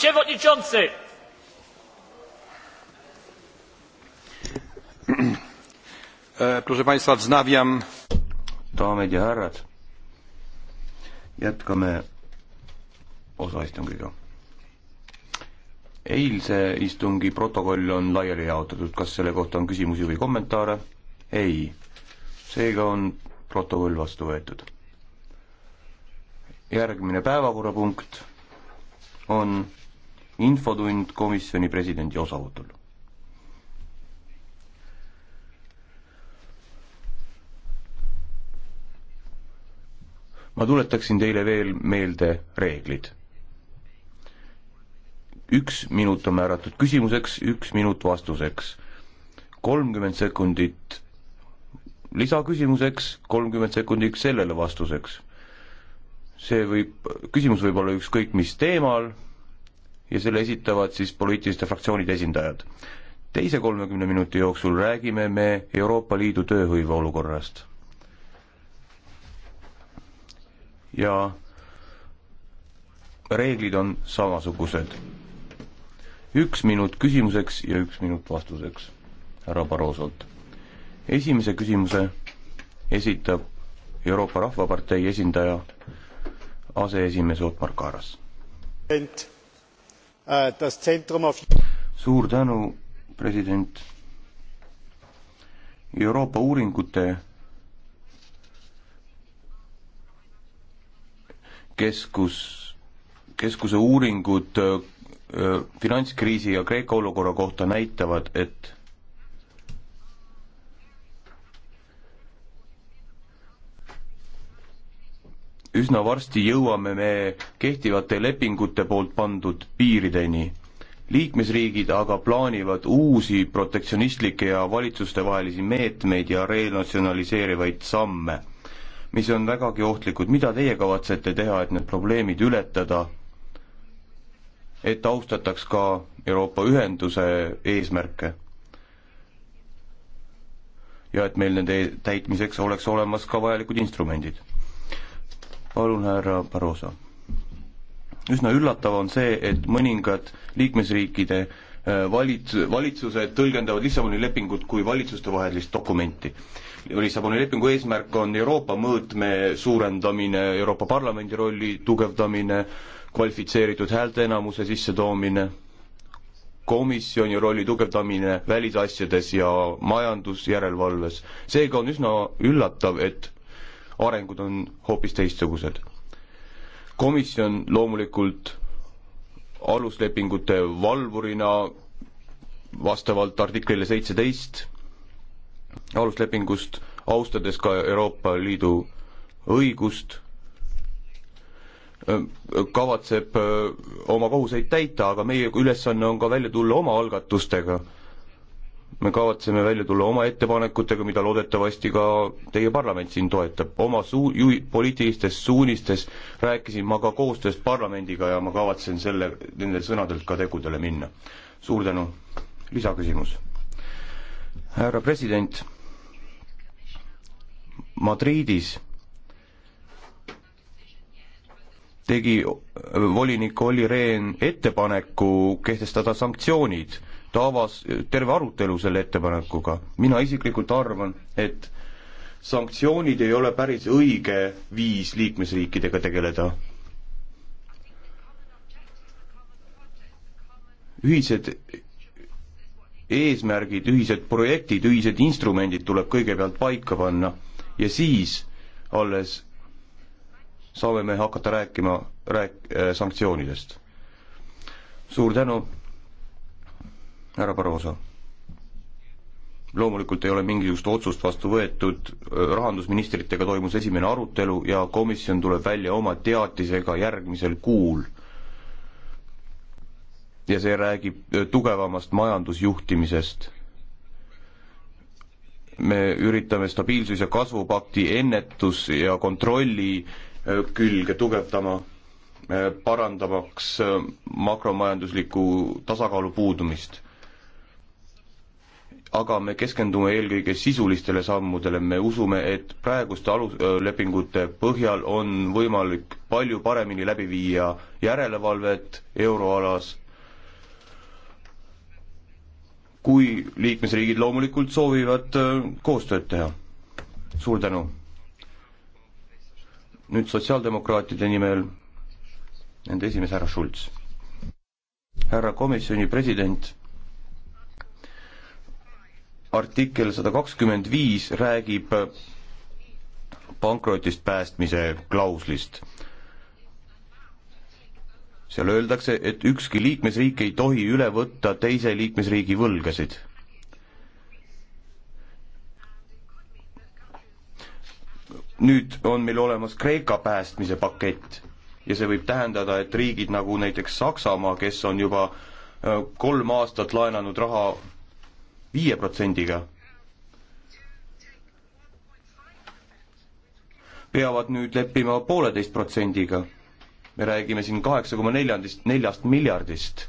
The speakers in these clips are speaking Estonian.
przewodniczący! E, proszę Państwa, wznawiam. Daamid ja härrad, jätkame osaistungiga. eilse istungi protokoll on laiali jaotatud, kas selle kohta on küsimusi või kommentaare? ei. seega on protokoll vastu võetud. järgmine päevakorrapunkt on infotund komisjoni presidendi osavõtul. ma tuletaksin teile veel meelde reeglid. üks minut on määratud küsimuseks, üks minut vastuseks, kolmkümmend sekundit lisaküsimuseks, kolmkümmend sekundit sellele vastuseks. see võib, küsimus võib olla ükskõik mis teemal ja selle esitavad siis poliitiliste fraktsioonide esindajad. teise kolmekümne minuti jooksul räägime me Euroopa Liidu tööhõive olukorrast. ja reeglid on samasugused. üks minut küsimuseks ja üks minut vastuseks härra Barrosolt. esimese küsimuse esitab Euroopa Rahvapartei esindaja aseesimees Otmar Kaaras. ent Äh, das Zentrum auf suur tänu, president. Euroopa uuringute keskus, keskuse uuringud äh, äh, finantskriisi ja Kreeka olukorra kohta näitavad, et üsna varsti jõuame me kehtivate lepingute poolt pandud piirideni. liikmesriigid aga plaanivad uusi protektsionistlikke ja valitsustevahelisi meetmeid ja renatsionaliseerivaid samme, mis on vägagi ohtlikud. mida teie kavatsete teha, et need probleemid ületada, et austataks ka Euroopa Ühenduse eesmärke? ja et meil nende täitmiseks oleks olemas ka vajalikud instrumendid palun, härra Barroso. üsna üllatav on see, et mõningad liikmesriikide äh, valit-, valitsused tõlgendavad Lissaboni lepingut kui valitsustevahelist dokumenti. Lissaboni lepingu eesmärk on Euroopa mõõtme suurendamine, Euroopa Parlamendi rolli tugevdamine, kvalifitseeritud häälteenamuse sissetoomine, komisjoni rolli tugevdamine välisasjades ja majandusjärelevalves. seega on üsna üllatav, et arengud on hoopis teistsugused. komisjon loomulikult aluslepingute valvurina vastavalt artiklile seitseteist aluslepingust, austades ka Euroopa Liidu õigust, kavatseb äh, oma kohuseid täita, aga meie ülesanne on ka välja tulla oma algatustega me kavatseme välja tulla oma ettepanekutega, mida loodetavasti ka teie parlament siin toetab. oma suu-, juhi-, poliitilistes suunistes rääkisin ma ka koostööst parlamendiga ja ma kavatsen selle, nendel sõnadelt ka tegudele minna. suur tänu. lisaküsimus. härra president, Madridis tegi volinik Olli Rehn ettepaneku kehtestada sanktsioonid ta avas terve arutelu selle ettepanekuga. mina isiklikult arvan, et sanktsioonid ei ole päris õige viis liikmesriikidega tegeleda. ühised eesmärgid, ühised projektid, ühised instrumendid tuleb kõigepealt paika panna ja siis alles saame me hakata rääkima rääk-, sanktsioonidest. suur tänu! härra Barroso, loomulikult ei ole mingisugust otsust vastu võetud, rahandusministritega toimus esimene arutelu ja komisjon tuleb välja oma teatisega järgmisel kuul. ja see räägib tugevamast majandusjuhtimisest. me üritame stabiilsus- ja kasvupakti ennetus- ja kontrolli äh, külge tugevdama, äh, parandamaks äh, makromajandusliku tasakaalu puudumist aga me keskendume eelkõige sisulistele sammudele, me usume, et praeguste aluslepingute põhjal on võimalik palju paremini läbi viia järelevalvet euroalas, kui liikmesriigid loomulikult soovivad äh, koostööd teha. suur tänu! nüüd sotsiaaldemokraatide nimel nende esimees härra Schulz. härra komisjoni president artikkel sada kakskümmend viis räägib pankrotist päästmise klauslist. seal öeldakse, et ükski liikmesriik ei tohi üle võtta teise liikmesriigi võlgasid. nüüd on meil olemas Kreeka päästmise pakett ja see võib tähendada, et riigid nagu näiteks Saksamaa, kes on juba äh, kolm aastat laenanud raha viie protsendiga, peavad nüüd leppima pooleteist protsendiga. me räägime siin kaheksa koma neljandist, neljast miljardist.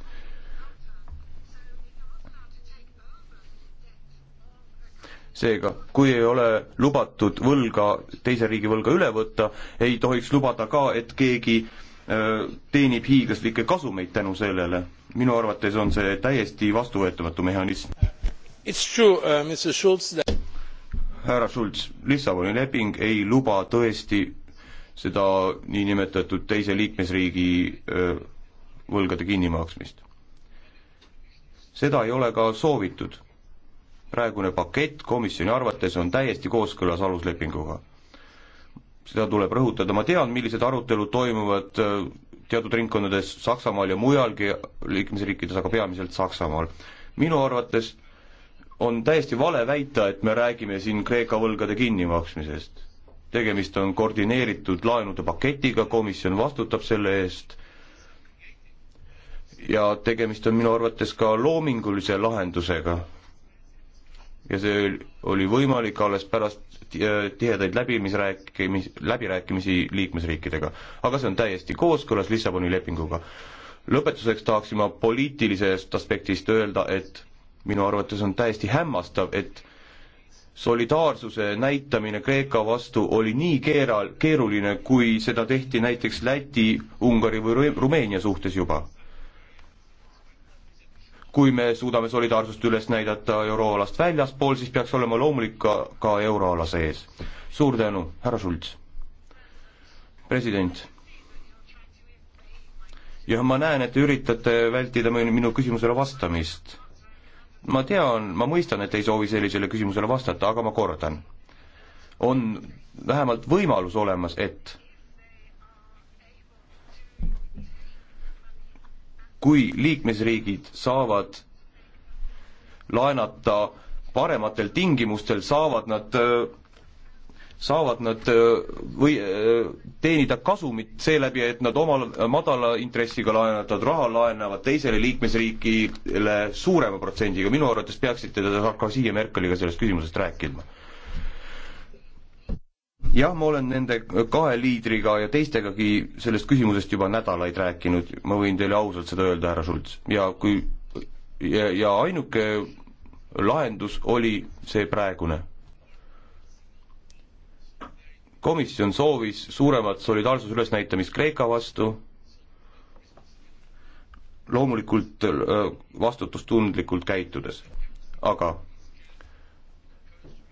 seega, kui ei ole lubatud võlga, teise riigi võlga üle võtta, ei tohiks lubada ka, et keegi teenib hiiglaslikke kasumeid tänu sellele. minu arvates on see täiesti vastuvõetamatu mehhanism. Uh, härra Schulz, Lissaboni leping ei luba tõesti seda niinimetatud teise liikmesriigi äh, võlgade kinnimaksmist. seda ei ole ka soovitud. praegune pakett komisjoni arvates on täiesti kooskõlas aluslepinguga. seda tuleb rõhutada, ma tean, millised arutelud toimuvad äh, teatud ringkondades Saksamaal ja mujalgi liikmesriikides, aga peamiselt Saksamaal. minu arvates on täiesti vale väita, et me räägime siin Kreeka võlgade kinnimaksmisest. tegemist on koordineeritud laenude paketiga, komisjon vastutab selle eest ja tegemist on minu arvates ka loomingulise lahendusega. ja see oli võimalik alles pärast tihedaid läbimisrääkimis, läbirääkimisi liikmesriikidega. aga see on täiesti kooskõlas Lissaboni lepinguga. lõpetuseks tahaksin ma poliitilisest aspektist öelda, et minu arvates on täiesti hämmastav, et solidaarsuse näitamine Kreeka vastu oli nii keeral-, keeruline, kui seda tehti näiteks Läti, Ungari või Rumeenia suhtes juba. kui me suudame solidaarsust üles näidata euroalast väljaspool, siis peaks olema loomulik ka, ka euroala sees. suur tänu, härra Schulz. president. jah, ma näen, et te üritate vältida minu küsimusele vastamist ma tean, ma mõistan, et ei soovi sellisele küsimusele vastata, aga ma kordan. on vähemalt võimalus olemas, et kui liikmesriigid saavad laenata parematel tingimustel, saavad nad äh, saavad nad äh, või äh, teenida kasumit seeläbi, et nad omal äh, madala intressiga laenatud raha laenavad teisele liikmesriigile suurema protsendiga, minu arvates peaksite te Sarkozy ja Merkeliga sellest küsimusest rääkima. jah, ma olen nende kahe liidriga ja teistegagi sellest küsimusest juba nädalaid rääkinud, ma võin teile ausalt seda öelda, härra Schultz, ja kui ja, ja ainuke lahendus oli see praegune komisjon soovis suuremat solidaarsuse ülesnäitamist Kreeka vastu, loomulikult äh, vastutustundlikult käitudes, aga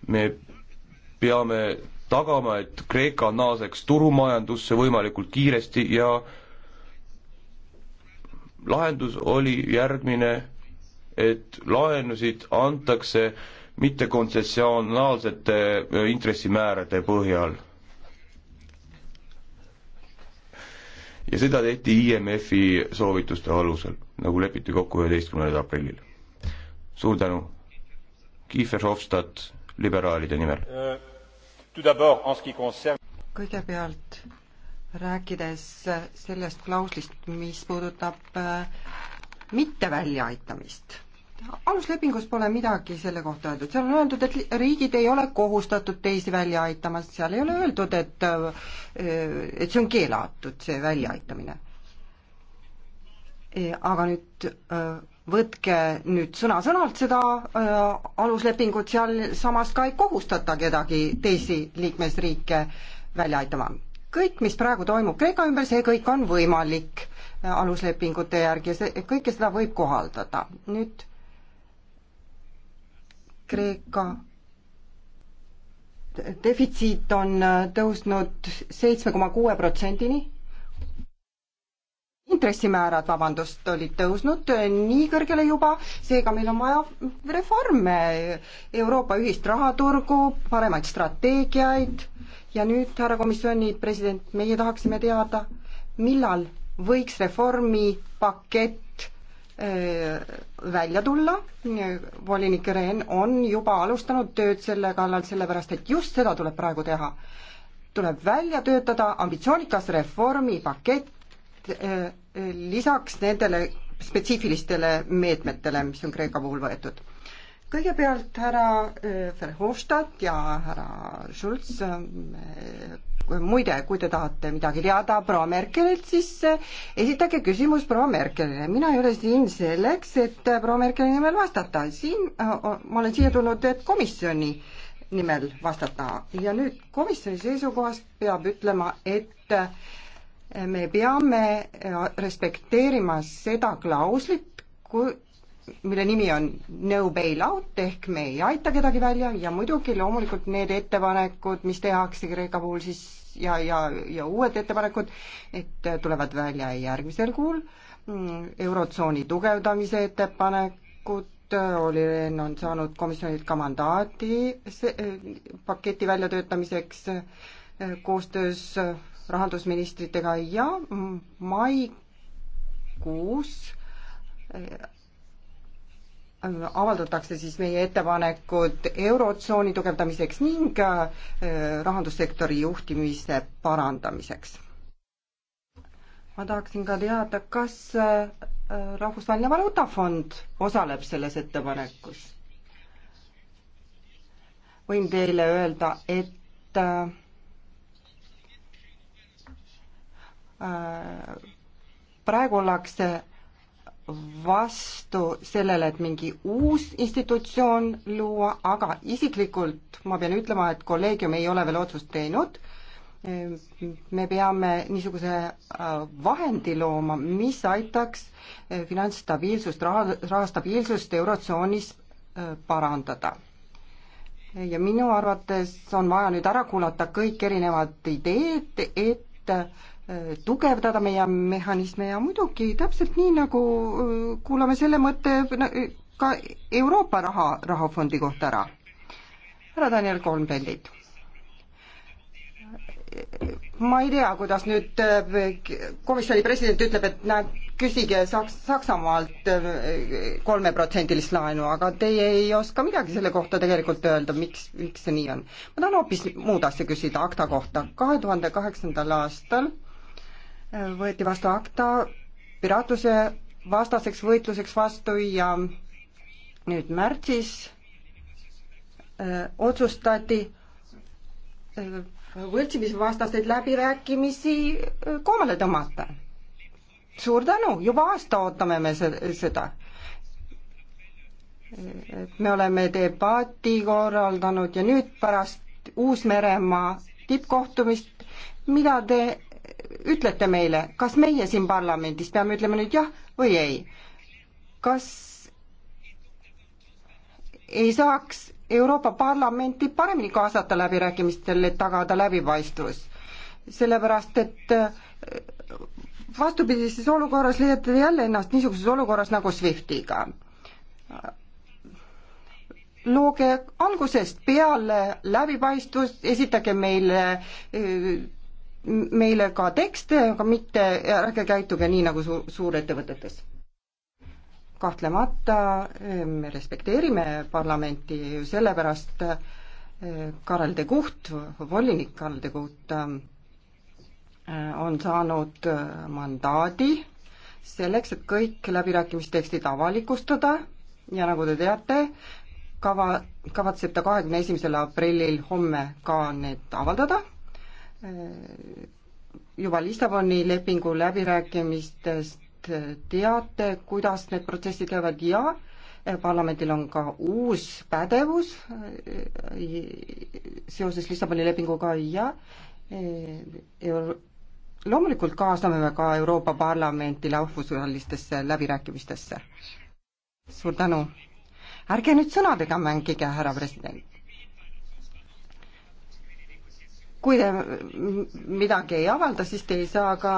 me peame tagama, et Kreeka naaseks turumajandusse võimalikult kiiresti ja lahendus oli järgmine, et laenusid antakse mitte kontsessionaalsete äh, intressimäärade põhjal ja seda tehti IMF-i soovituste alusel, nagu lepiti kokku üheteistkümnendal aprillil. suur tänu. Kiefer Hofstadt liberaalide nimel. Euh, kõigepealt rääkides sellest klauslist, mis puudutab äh, mitte väljaaitamist aluslepingus pole midagi selle kohta öeldud, seal on öeldud, et riigid ei ole kohustatud teisi välja aitama, seal ei ole öeldud, et äh, et see on keelatud, see väljaaitamine. Äh, aga nüüd äh, võtke nüüd sõna-sõnalt seda aluslepingut, sealsamas ka ei kohustata kedagi teisi liikmesriike välja aitama. kõik, mis praegu toimub Kreeka ümber, see kõik on võimalik aluslepingute järgi ja see, kõike seda võib kohaldada. nüüd Kreeka defitsiit on äh, tõusnud seitsme koma kuue protsendini. intressimäärad, vabandust, olid tõusnud äh, nii kõrgele juba, seega meil on vaja reforme, Euroopa ühist rahaturgu, paremaid strateegiaid ja nüüd, härra komisjoni president, meie tahaksime teada, millal võiks reformipakett Äh, välja tulla, volinik Rehn on juba alustanud tööd selle kallal, sellepärast et just seda tuleb praegu teha. tuleb välja töötada ambitsioonikas reformipakett äh, lisaks nendele spetsiifilistele meetmetele, mis on Kreeka puhul võetud. kõigepealt härra äh, Verhofstadt ja härra Schulz muide, kui te tahate midagi teada proua Merkelilt, siis äh, esitage küsimus proua Merkelile. mina ei ole siin selleks, et äh, proua Merkeli nimel vastata, siin äh, ma olen siia tulnud, et komisjoni nimel vastata ja nüüd komisjoni seisukohast peab ütlema, et me peame respekteerima seda klauslit, kui mille nimi on no bail-out ehk me ei aita kedagi välja ja muidugi loomulikult need ettepanekud, mis tehakse Kreeka puhul siis ja, ja, ja uued ettepanekud, et tulevad välja järgmisel kuul. Eurotsooni tugevdamise ettepanekud, Olin on saanud komisjonilt ka mandaati see, paketi väljatöötamiseks koostöös rahandusministritega ja maikuus avaldatakse siis meie ettepanekud Eurotsooni tugevdamiseks ning äh, rahandussektori juhtimise parandamiseks. ma tahaksin ka teada, kas äh, Rahvusvaheline Valuutafond osaleb selles ettepanekus? võin teile öelda, et äh, praegu ollakse vastu sellele, et mingi uus institutsioon luua, aga isiklikult ma pean ütlema, et kolleegium ei ole veel otsust teinud. me peame niisuguse äh, vahendi looma, mis aitaks äh, finantsstabiilsust, raha, raha stabiilsust Eurotsoonis äh, parandada ja minu arvates on vaja nüüd ära kuulata kõik erinevad ideed, et Äh, tugevdada meie mehhanisme ja muidugi täpselt nii, nagu äh, kuulame selle mõtte äh, ka Euroopa raha, rahafondi kohta ära. härra Daniel Kolmbellid ma ei tea, kuidas nüüd komisjoni president ütleb, et näed, küsige Saks-, Saksamaalt kolmeprotsendilist laenu, aga teie ei oska midagi selle kohta tegelikult öelda, miks, miks see nii on. ma tahan hoopis muud asja küsida, akta kohta. kahe tuhande kaheksandal aastal võeti vastu akta piraatluse vastaseks võitluseks vastu ja nüüd märtsis öö, äh, otsustati äh, võltsimisvastaseid läbirääkimisi äh, koomale tõmmata. suur tänu, juba aasta ootame me seda. et me oleme debati korraldanud ja nüüd pärast Uus-Meremaa tippkohtumist, mida te ütlete meile, kas meie siin parlamendis peame ütlema nüüd jah või ei? kas ei saaks Euroopa Parlamenti paremini kaasata läbirääkimistel, et tagada läbipaistvus? sellepärast, et äh, vastupidises olukorras leiate te jälle ennast niisuguses olukorras nagu SWIFTiga. looge algusest peale läbipaistvus, esitage meile äh, meile ka tekste, aga mitte, ärge käituge nii, nagu su-, suurettevõtetes. kahtlemata eh, me respekteerime parlamenti ju sellepärast, eh, Karel de Gucht, volinik Karel de Gucht eh, on saanud mandaadi selleks, et kõik läbirääkimistekstid avalikustada ja nagu te teate, kava, kavatseb ta kahekümne esimesel aprillil homme ka need avaldada juba Lissaboni lepingu läbirääkimistest teate, kuidas need protsessid käivad ja parlamendil on ka uus pädevus eh, seoses Lissaboni lepinguga ja eh, euro-, loomulikult kaasame me ka Euroopa Parlamenti rahvusvahelistesse läbirääkimistesse. suur tänu! ärge nüüd sõnadega mängige, härra president kui te midagi ei avalda, siis te ei saa ka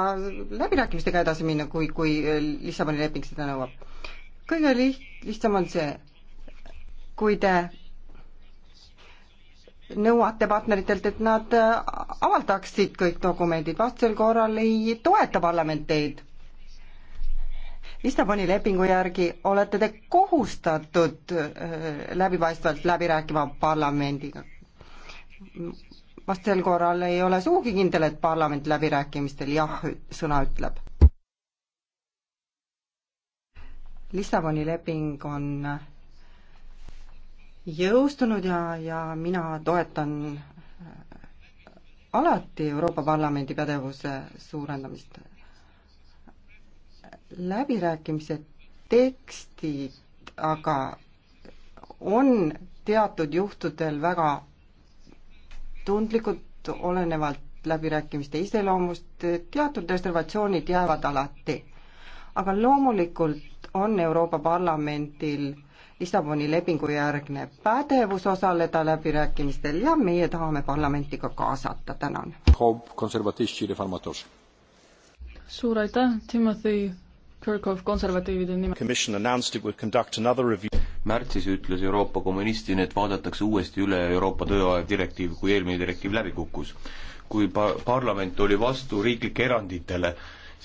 läbirääkimistega edasi minna, kui, kui Lissaboni leping seda nõuab. kõige liht-, lihtsam on see, kui te nõuate partneritelt, et nad avaldaksid kõik dokumendid, vastasel korral ei toeta parlament teid. Lissaboni lepingu järgi olete te kohustatud äh, läbipaistvalt läbi rääkima parlamendiga vastasel korral ei ole sugugi kindel, et parlament läbirääkimistel jah sõna ütleb. Lissaboni leping on jõustunud ja, ja mina toetan äh, alati Euroopa Parlamendi pädevuse suurendamist. läbirääkimised, tekstid aga on teatud juhtudel väga tundlikud olenevalt läbirääkimiste iseloomust, teatud reservatsioonid jäävad alati. aga loomulikult on Euroopa Parlamendil Lissaboni lepingu järgne pädevus osaleda läbirääkimistel ja meie tahame parlamenti ka kaasata, tänan. suur aitäh, Timothy Kirkhoff konservatiivide nimel. märtsis ütles Euroopa Komisjon, et vaadatakse uuesti üle Euroopa tööaja direktiiv, kui eelmine direktiiv läbi kukkus. kui pa-, parlament oli vastu riiklike eranditele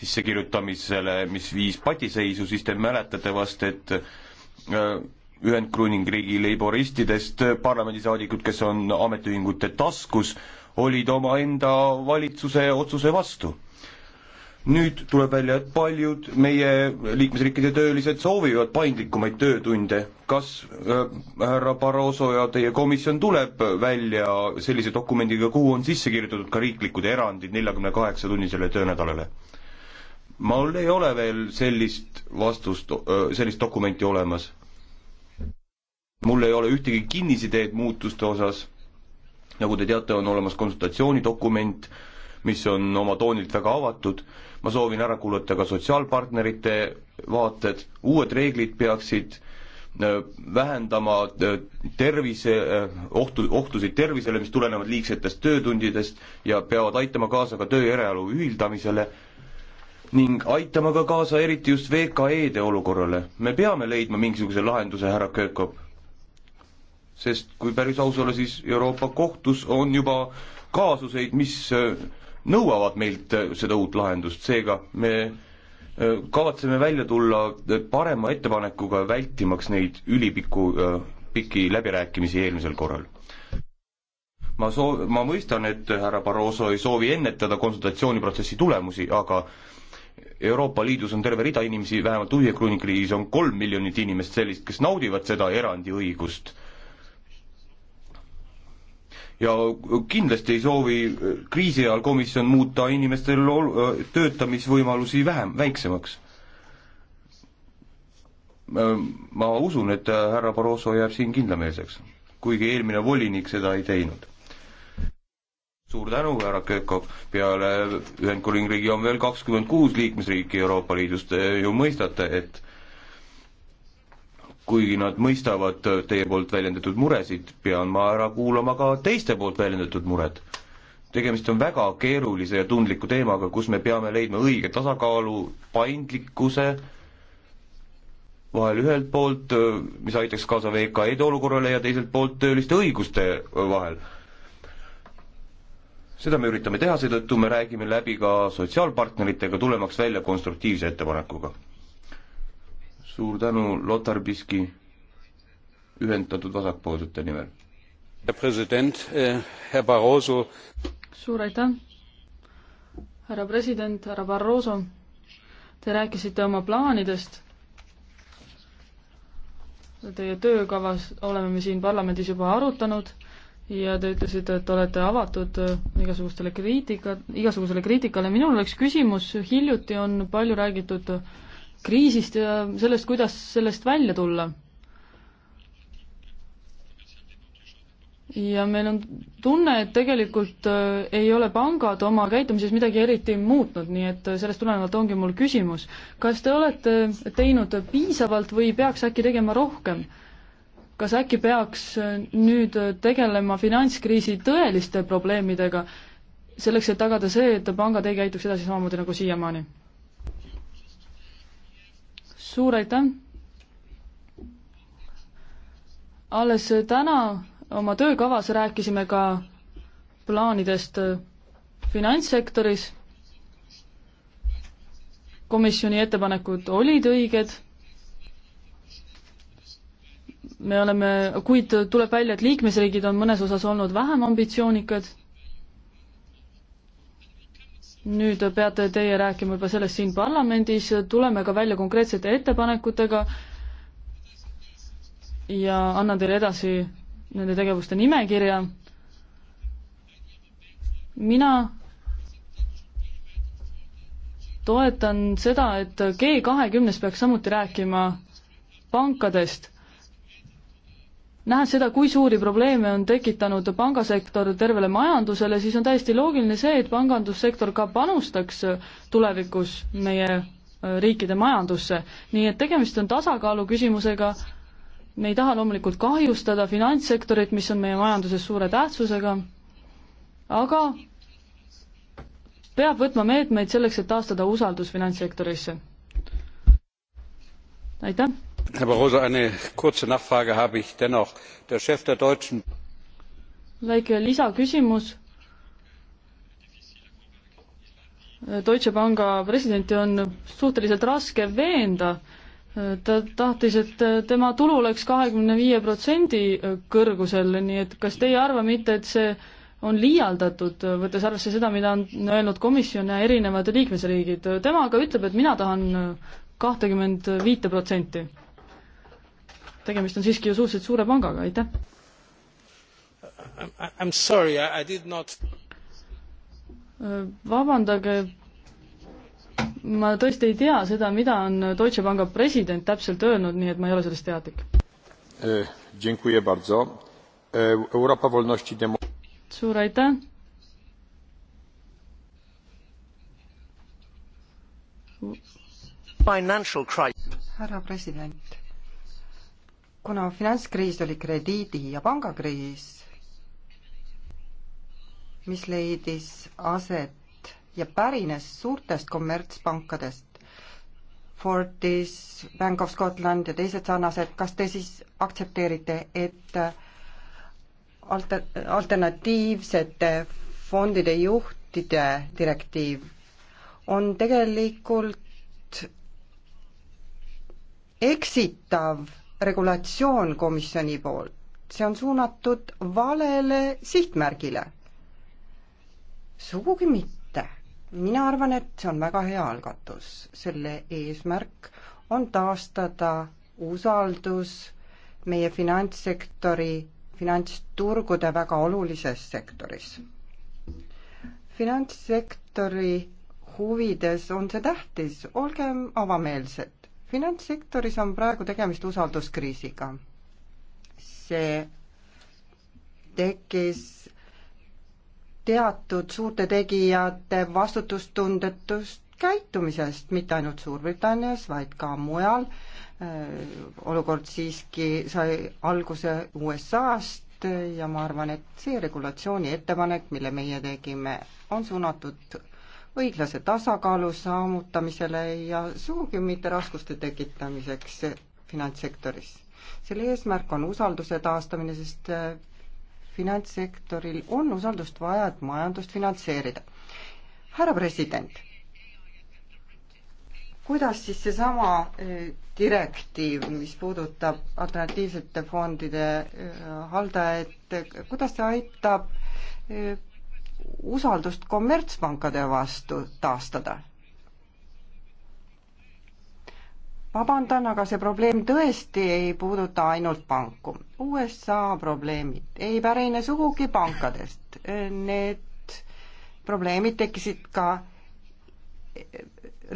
sissekirjutamisele, mis viis patiseisu, siis te mäletate vast, et äh, Ühendkuningriigi leiboristidest parlamendisaadikud, kes on ametiühingute taskus, olid omaenda valitsuse otsuse vastu nüüd tuleb välja, et paljud meie liikmesriikide töölised soovivad paindlikumaid töötunde. kas äh, härra äh, Barroso ja teie komisjon tuleb välja sellise dokumendiga, kuhu on sisse kirjutatud ka riiklikud erandid neljakümne kaheksa tunnisele töönädalale? mul ei ole veel sellist vastust, äh, sellist dokumenti olemas. mul ei ole ühtegi kinnisideed muutuste osas. nagu te teate, on olemas konsultatsioonidokument, mis on oma toonilt väga avatud ma soovin ära kuulata ka sotsiaalpartnerite vaated, uued reeglid peaksid äh, vähendama äh, tervise, äh, ohtu, ohtusid tervisele, mis tulenevad liigsetest töötundidest ja peavad aitama kaasa ka töö järeleolu ühildamisele ning aitama ka kaasa eriti just VKE-de olukorrale. me peame leidma mingisuguse lahenduse, härra Köökop. sest kui päris aus olla, siis Euroopa Kohtus on juba kaasuseid, mis nõuavad meilt äh, seda uut lahendust, seega me äh, kavatseme välja tulla äh, parema ettepanekuga, vältimaks neid ülipikku, pikki läbirääkimisi eelmisel korral. ma soov-, ma mõistan, et härra Barroso ei soovi ennetada konsultatsiooniprotsessi tulemusi, aga Euroopa Liidus on terve rida inimesi, vähemalt Uie Kruunikriis on kolm miljonit inimest sellist, kes naudivad seda erandiõigust ja kindlasti ei soovi äh, kriisi ajal komisjon muuta inimestel ol-, äh, töötamisvõimalusi vähem, väiksemaks. Ma usun, et äh, härra Barroso jääb siin kindlameelseks, kuigi eelmine volinik seda ei teinud. suur tänu, härra Kökop, peale Ühendkuningriigi on veel kakskümmend kuus liikmesriiki Euroopa Liidust, ju mõistate, et kuigi nad mõistavad äh, teie poolt väljendatud muresid, pean ma ära kuulama ka teiste poolt väljendatud mured. tegemist on väga keerulise ja tundliku teemaga, kus me peame leidma õige tasakaalu paindlikkuse vahel ühelt poolt, äh, mis aitaks kaasa VKE-de olukorrale ja teiselt poolt tööliste õiguste äh, vahel. seda me üritame teha, seetõttu me räägime läbi ka sotsiaalpartneritega, tulemaks välja konstruktiivse ettepanekuga suur tänu, Lotar Biski, Ühendatud Vasakpoolsete nimel. president eh,, äh, härra Barroso. suur aitäh, härra president, härra Barroso. Te rääkisite oma plaanidest. Teie töökavas oleme me siin parlamendis juba arutanud ja te ütlesite, et olete avatud igasugustele kriitika, igasugusele kriitikale. minul oleks küsimus, hiljuti on palju räägitud kriisist ja sellest, kuidas sellest välja tulla. ja meil on tunne, et tegelikult äh, ei ole pangad oma käitumises midagi eriti muutnud, nii et äh, sellest tulenevalt ongi mul küsimus. kas te olete teinud piisavalt või peaks äkki tegema rohkem? kas äkki peaks äh, nüüd tegelema finantskriisi tõeliste probleemidega, selleks et tagada see, et pangad ei käituks edasi samamoodi nagu siiamaani? suur aitäh! alles täna oma töökavas rääkisime ka plaanidest finantssektoris. komisjoni ettepanekud olid õiged. me oleme, kuid tuleb välja, et liikmesriigid on mõnes osas olnud vähem ambitsioonikad nüüd peate teie rääkima juba sellest siin parlamendis, tuleme ka välja konkreetsete ettepanekutega ja annan teile edasi nende tegevuste nimekirja. mina toetan seda, et G kahekümnes peaks samuti rääkima pankadest nähes seda, kui suuri probleeme on tekitanud pangasektor tervele majandusele, siis on täiesti loogiline see, et pangandussektor ka panustaks tulevikus meie äh, riikide majandusse. nii et tegemist on tasakaalu küsimusega, me ei taha loomulikult kahjustada finantssektorit, mis on meie majanduses suure tähtsusega, aga peab võtma meetmeid selleks, et taastada usaldus finantssektorisse. aitäh! herr barroso eine kurze nachfrage habe ich dennoch der chef der deutschen. väike lisaküsimus. Deutsche Panga presidenti on suhteliselt raske veenda. ta tahtis, et tema tulu oleks kahekümne viie protsendi kõrgusel, nii et kas teie ei arva mitte, et see on liialdatud, võttes arvesse seda, mida on öelnud komisjon ja erinevad liikmesriigid. tema aga ütleb, et mina tahan kahtekümmend viite protsenti tegemist on siiski ju suhteliselt suure pangaga, aitäh. I m sorry, I did not. vabandage, ma tõesti ei tea seda, mida on Deutsche Panga president täpselt öelnud, nii et ma ei ole sellest teadlik eh,. suur aitäh. härra president kuna finantskriis oli krediidi- ja pangakriis, mis leidis aset ja pärines suurtest kommertspankadest, Fortis, Bank of Scotland ja teised sarnased, kas te siis aktsepteerite, et alter-, alternatiivsete fondide juhtide direktiiv on tegelikult eksitav regulatsioon komisjoni poolt, see on suunatud valele sihtmärgile. sugugi mitte. mina arvan, et see on väga hea algatus. selle eesmärk on taastada usaldus meie finantssektori, finantsturgude väga olulises sektoris. finantssektori huvides on see tähtis, olgem avameelsed finantssektoris on praegu tegemist usalduskriisiga. see tekkis teatud suurte tegijate vastutustundetust käitumisest, mitte ainult Suurbritannias, vaid ka mujal. Äh, olukord siiski sai alguse USA-st ja ma arvan, et see regulatsiooni ettepanek, mille meie tegime, on suunatud õiglase tasakaalu saamutamisele ja sugugi mitte raskuste tekitamiseks finantssektoris. selle eesmärk on usalduse taastamine, sest äh, finantssektoril on usaldust vaja, et majandust finantseerida. härra president, kuidas siis seesama äh, direktiiv, mis puudutab alternatiivsete fondide äh, haldajaid, kuidas see aitab usaldust kommertspankade vastu taastada. vabandan, aga see probleem tõesti ei puuduta ainult panku. USA probleemid ei pärine sugugi pankadest. Need probleemid tekkisid ka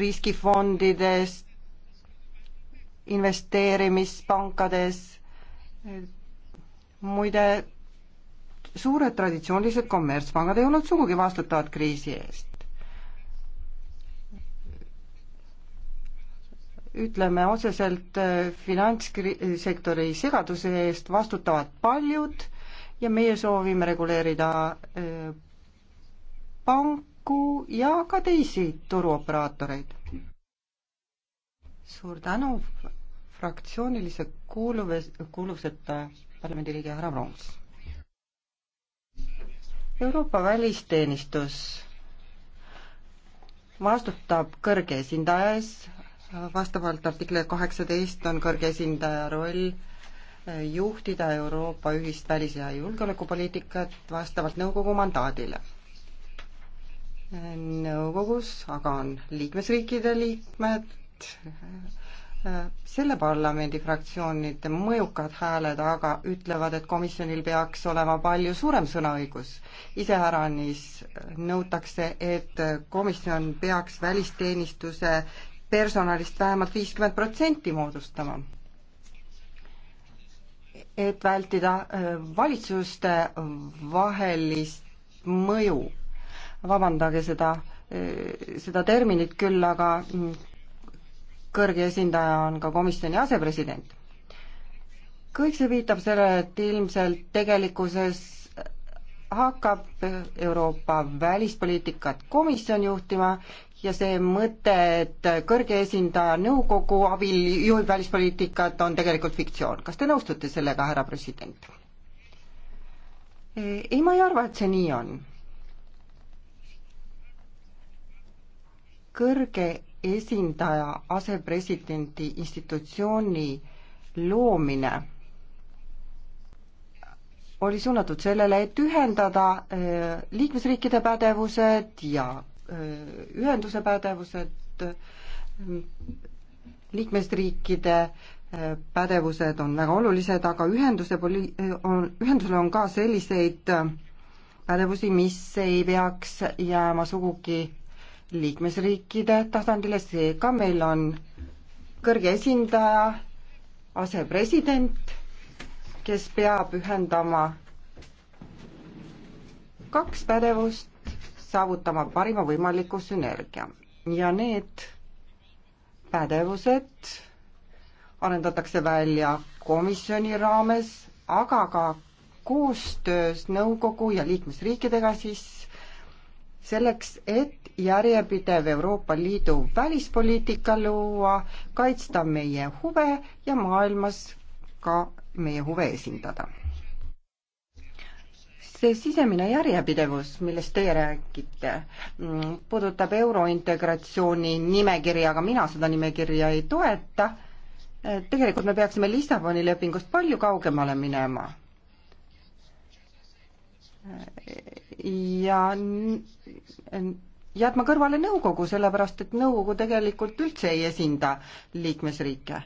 riskifondidest, investeerimispankades, muide suured traditsioonilised kommertspangad ei olnud sugugi vastutavad kriisi eest. ütleme otseselt äh, finantssektori segaduse eest vastutavad paljud ja meie soovime reguleerida äh, panku ja ka teisi turuoperaatoreid. suur tänu fraktsioonilise kuuluv-, kuuluvuseta parlamendiliige härra Vrongs Euroopa välisteenistus vastutab kõrge esindaja ees, vastavalt artikli kaheksateist on kõrge esindaja roll juhtida Euroopa ühist välis- ja julgeolekupoliitikat vastavalt nõukogu mandaadile. nõukogus aga on liikmesriikide liikmed, selle parlamendi fraktsioonide mõjukad hääled aga ütlevad, et komisjonil peaks olema palju suurem sõnaõigus. iseäranis nõutakse, et komisjon peaks välisteenistuse personalist vähemalt viiskümmend protsenti moodustama. et vältida äh, valitsuste vahelist mõju. vabandage seda, äh, seda terminit küll, aga mm, kõrge esindaja on ka komisjoni asepresident. kõik see viitab sellele, et ilmselt tegelikkuses hakkab Euroopa välispoliitikat komisjon juhtima ja see mõte, et kõrge esindaja nõukogu abil juhib välispoliitikat, on tegelikult fiktsioon. kas te nõustute sellega, härra president? ei, ma ei arva, et see nii on. kõrge esindaja asepresidendi institutsiooni loomine oli suunatud sellele, et ühendada äh, liikmesriikide pädevused ja äh, ühenduse pädevused, liikmesriikide äh, pädevused on väga olulised, aga ühenduse poli-, on, ühendusel on ka selliseid pädevusi, mis ei peaks jääma sugugi liikmesriikide tasandile, seega meil on kõrge esindaja, asepresident, kes peab ühendama kaks pädevust, saavutama parima võimaliku sünergia ja need pädevused arendatakse välja komisjoni raames, aga ka koostöös nõukogu ja liikmesriikidega siis selleks, et järjepidev Euroopa Liidu välispoliitika luua, kaitsta meie huve ja maailmas ka meie huve esindada. see sisemine järjepidevus, millest teie räägite, mm, puudutab eurointegratsiooni nimekirja, aga mina seda nimekirja ei toeta. tegelikult me peaksime Lissaboni lepingust palju kaugemale minema ja jätma kõrvale nõukogu, sellepärast et nõukogu tegelikult üldse ei esinda liikmesriike.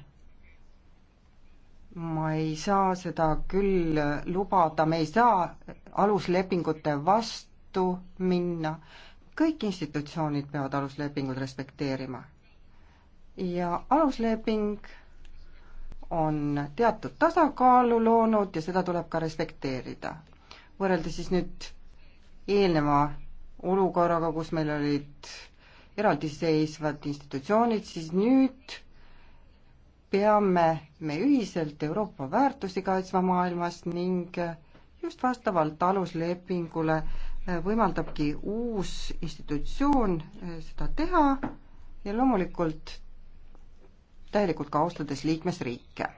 ma ei saa seda küll lubada, me ei saa aluslepingute vastu minna. kõik institutsioonid peavad aluslepingud respekteerima. ja alusleping on teatud tasakaalu loonud ja seda tuleb ka respekteerida. võrreldes siis nüüd eelneva olukorraga, kus meil olid eraldiseisvad institutsioonid, siis nüüd peame me ühiselt Euroopa väärtusi kaitsma maailmas ning just vastavalt aluslepingule võimaldabki uus institutsioon seda teha ja loomulikult täielikult ka austades liikmesriike.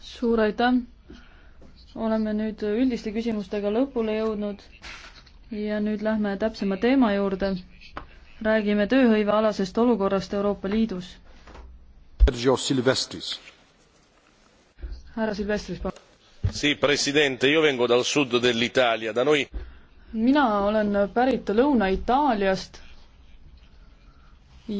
suur aitäh! oleme nüüd üldiste küsimustega lõpule jõudnud ja nüüd lähme täpsema teema juurde. räägime tööhõivealasest olukorrast Euroopa Liidus. härra Silvestris, palun. mina olen pärit Lõuna-Itaaliast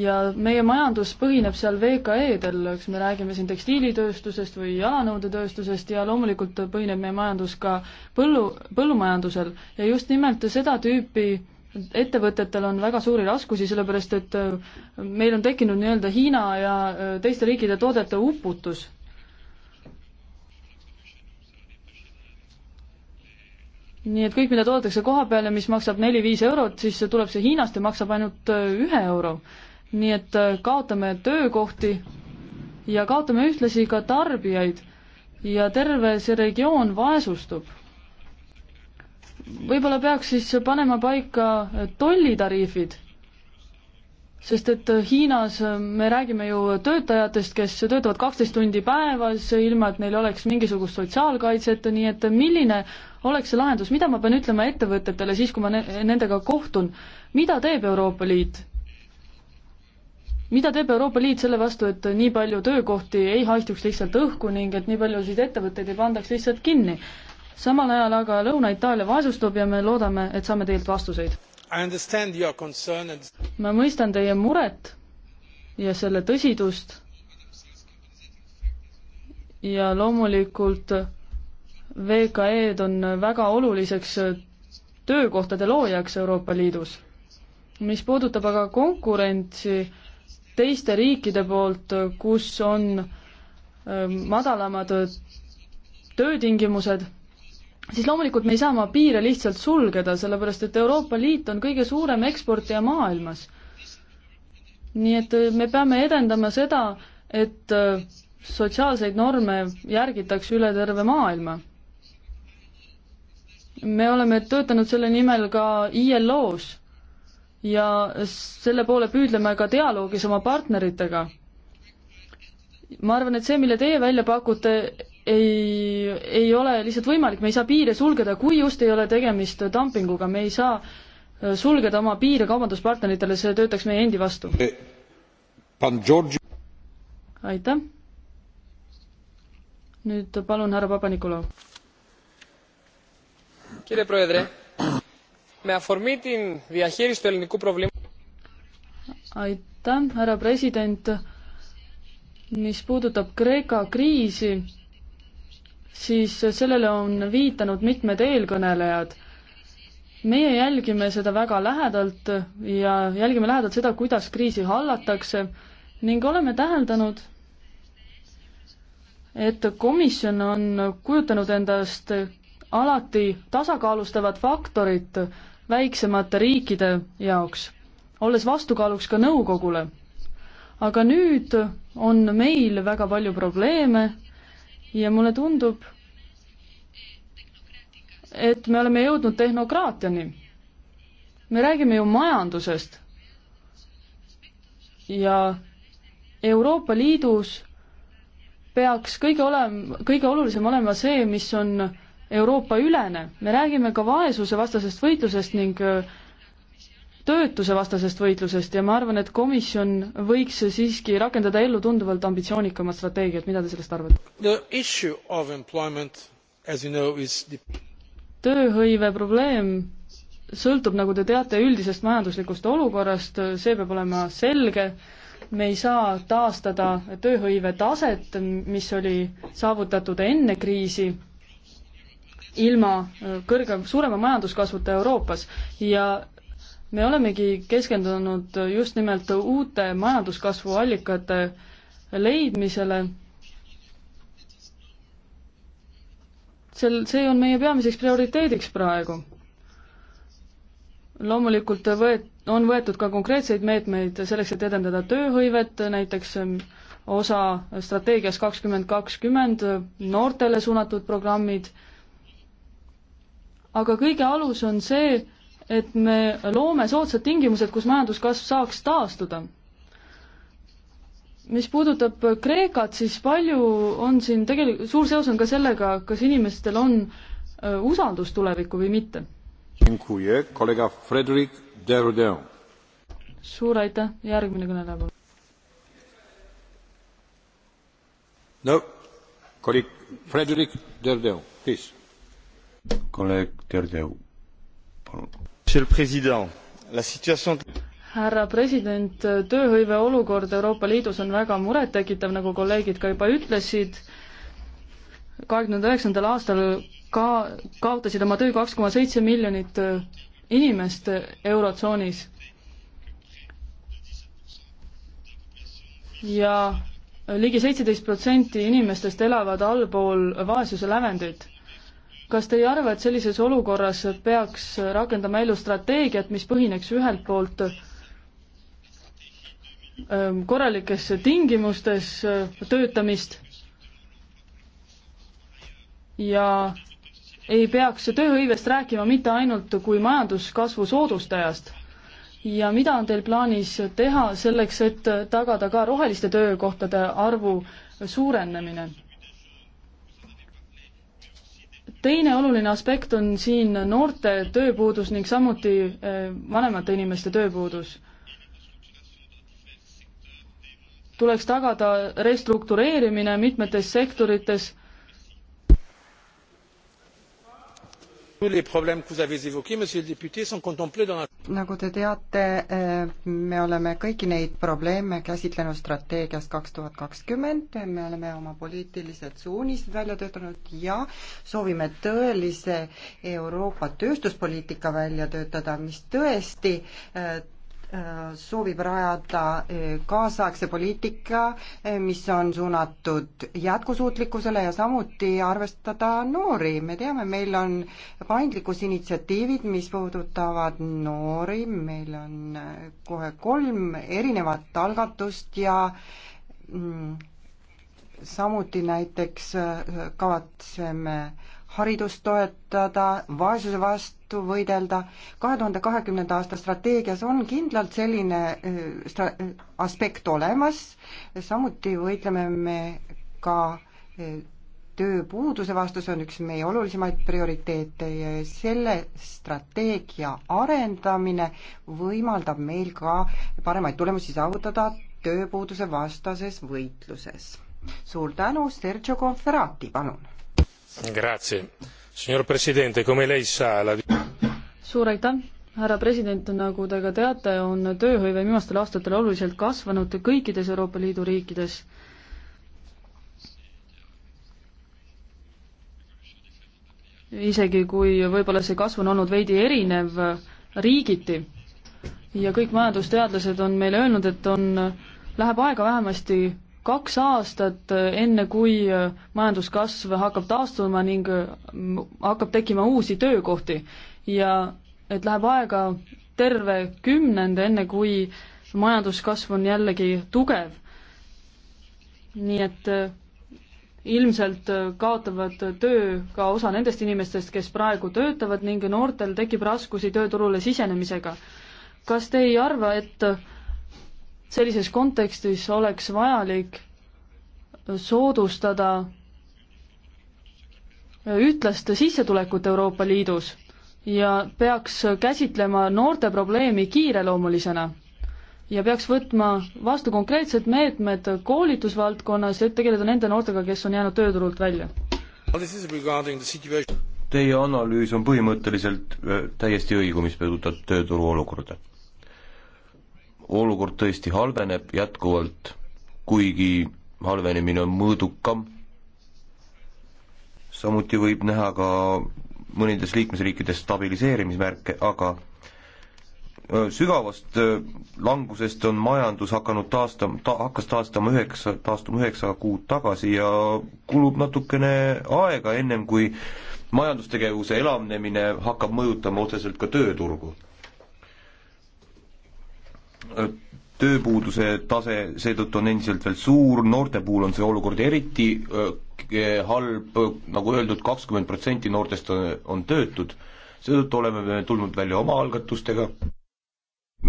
ja meie majandus põhineb seal VKE-del, eks me räägime siin tekstiilitööstusest või jalanõudetööstusest ja loomulikult põhineb meie majandus ka põllu, põllumajandusel ja just nimelt seda tüüpi ettevõtetel on väga suuri raskusi, sellepärast et äh, meil on tekkinud nii-öelda Hiina ja äh, teiste riikide toodete uputus. nii et kõik, mida toodetakse koha peal ja mis maksab neli-viis eurot, siis tuleb see Hiinast ja maksab ainult äh, ühe euro nii et äh, kaotame töökohti ja kaotame ühtlasi ka tarbijaid ja terve see regioon vaesustub. võib-olla peaks siis panema paika äh, tollitariifid, sest et äh, Hiinas me räägime ju töötajatest, kes töötavad kaksteist tundi päevas, ilma et neil oleks mingisugust sotsiaalkaitset, nii et milline oleks see lahendus, mida ma pean ütlema ettevõtetele siis, kui ma ne nendega kohtun, mida teeb Euroopa Liit? mida teeb Euroopa Liit selle vastu, et nii palju töökohti ei haihtuks lihtsalt õhku ning et nii paljusid ettevõtteid ei pandaks lihtsalt kinni? samal ajal aga Lõuna-Itaalia vaesustub ja me loodame, et saame teilt vastuseid. And... ma mõistan teie muret ja selle tõsidust ja loomulikult VKE-d on väga oluliseks töökohtade loojaks Euroopa Liidus. mis puudutab aga konkurentsi teiste riikide poolt, kus on ähm, madalamad äh, töötingimused, siis loomulikult me ei saa oma piire lihtsalt sulgeda, sellepärast et Euroopa Liit on kõige suurem eksportija maailmas. nii et äh, me peame edendama seda, et äh, sotsiaalseid norme järgitakse üle terve maailma. me oleme töötanud selle nimel ka ILO-s ja selle poole püüdleme ka dialoogis oma partneritega. ma arvan, et see, mille teie välja pakute, ei, ei ole lihtsalt võimalik, me ei saa piire sulgeda, kui just ei ole tegemist dumpinguga, me ei saa äh, sulgeda oma piire kaubanduspartneritele, see töötaks meie endi vastu. Eh, aitäh. nüüd palun, härra Papa-Nikolov με αφορμή την διαχείριση του ελληνικού προβλήματος. Aitäh, härra president. mis puudutab Kreeka kriisi, siis sellele on viitanud mitmed eelkõnelejad. meie jälgime seda väga lähedalt ja jälgime lähedalt seda, kuidas kriisi hallatakse ning oleme täheldanud, et komisjon on kujutanud endast alati tasakaalustavat faktorit väiksemate riikide jaoks, olles vastukaaluks ka nõukogule. aga nüüd on meil väga palju probleeme ja mulle tundub, et me oleme jõudnud tehnokraatiani. me räägime ju majandusest ja Euroopa Liidus peaks kõige olem-, kõige olulisem olema see, mis on Euroopa-ülene. me räägime ka vaesusevastasest võitlusest ning äh, töötusevastasest võitlusest ja ma arvan, et komisjon võiks siiski rakendada ellu tunduvalt ambitsioonikamat strateegiat, mida te sellest arvate? You know, the... tööhõive probleem sõltub, nagu te teate, üldisest majanduslikust olukorrast, see peab olema selge, me ei saa taastada tööhõive taset, mis oli saavutatud enne kriisi ilma äh, kõrge, suurema majanduskasvuta Euroopas ja me olemegi keskendunud just nimelt uute majanduskasvu allikate leidmisele. sel, see on meie peamiseks prioriteediks praegu. loomulikult võet-, on võetud ka konkreetseid meetmeid selleks, et edendada tööhõivet, näiteks ähm, osa strateegias kakskümmend kakskümmend, noortele suunatud programmid aga kõige alus on see, et me loome soodsad tingimused, kus majanduskasv saaks taastuda. mis puudutab Kreekat, siis palju on siin tegelikult, suur seos on ka sellega, kas inimestel on äh, usaldus tulevikku või mitte. suur aitäh, järgmine kõneleja palun. no, kolleeg Frederic Derdeu, please kolleeg Terdjõu, palun. härra president, tööhõive olukord Euroopa Liidus on väga murettekitav, nagu kolleegid ka juba ütlesid, kahekümne üheksandal aastal ka-, kaotasid oma töö kaks koma seitse miljonit inimest Eurotsoonis. ja ligi seitseteist protsenti inimestest elavad allpool vaesuse lävendit kas te ei arva, et sellises olukorras peaks rakendama ellu strateegiat, mis põhineks ühelt poolt ähm, korralikes tingimustes äh, töötamist ja ei peaks tööhõivest rääkima mitte ainult kui majanduskasvu soodustajast ja mida on teil plaanis teha selleks, et tagada ka roheliste töökohtade arvu suurenemine? teine oluline aspekt on siin noorte tööpuudus ning samuti eh, vanemate inimeste tööpuudus. tuleks tagada restruktureerimine mitmetes sektorites nagu te teate, eh, me oleme kõiki neid probleeme käsitlenud strateegias kaks tuhat kakskümmend, me oleme oma poliitilised suunised välja töötanud ja soovime tõelise Euroopa tööstuspoliitika välja töötada, mis tõesti eh, soovib rajada e, kaasaegse poliitika, e, mis on suunatud jätkusuutlikkusele ja samuti arvestada noori. me teame, meil on paindlikkusinitsiatiivid, mis puudutavad noori, meil on e, kohe kolm erinevat algatust ja mm, samuti näiteks kavatseme haridust toetada, vaesuse vastu võidelda. kahe tuhande kahekümnenda aasta strateegias on kindlalt selline äh, stra-, äh, aspekt olemas, samuti võitleme me ka äh, tööpuuduse vastu, see on üks meie olulisemaid prioriteete ja selle strateegia arendamine võimaldab meil ka paremaid tulemusi saavutada tööpuuduse vastases võitluses. suur tänu, Sergio Conferati, palun! suur aitäh, härra president, nagu te ka teate, on tööhõive viimastel aastatel oluliselt kasvanud kõikides Euroopa Liidu riikides. isegi kui võib-olla see kasv on olnud veidi erinev riigiti ja kõik majandusteadlased on meile öelnud, et on, läheb aega vähemasti kaks aastat, enne kui äh, majanduskasv hakkab taastuma ning äh, hakkab tekkima uusi töökohti ja et läheb aega terve kümnend, enne kui majanduskasv on jällegi tugev. nii et äh, ilmselt kaotavad töö ka osa nendest inimestest, kes praegu töötavad ning noortel tekib raskusi tööturule sisenemisega. kas te ei arva, et sellises kontekstis oleks vajalik soodustada ühtlaste sissetulekut Euroopa Liidus ja peaks käsitlema noorte probleemi kiireloomulisena ja peaks võtma vastu konkreetsed meetmed koolitusvaldkonnas, et tegeleda nende noortega, kes on jäänud tööturult välja. Teie analüüs on põhimõtteliselt äh, täiesti õige, mis puudutab tööturu olukorda olukord tõesti halveneb jätkuvalt, kuigi halvenemine on mõõdukam. samuti võib näha ka mõnedes liikmesriikides stabiliseerimismärke, aga sügavast langusest on majandus hakanud taastama, ta hakkas taastama üheksa, taastuma üheksa kuud tagasi ja kulub natukene aega, ennem kui majandustegevuse elavnemine hakkab mõjutama otseselt ka tööturgu tööpuuduse tase seetõttu on endiselt veel suur, noorte puhul on see olukord eriti eh, halb, nagu öeldud, kakskümmend protsenti noortest on, on töötud, seetõttu oleme me tulnud välja oma algatustega,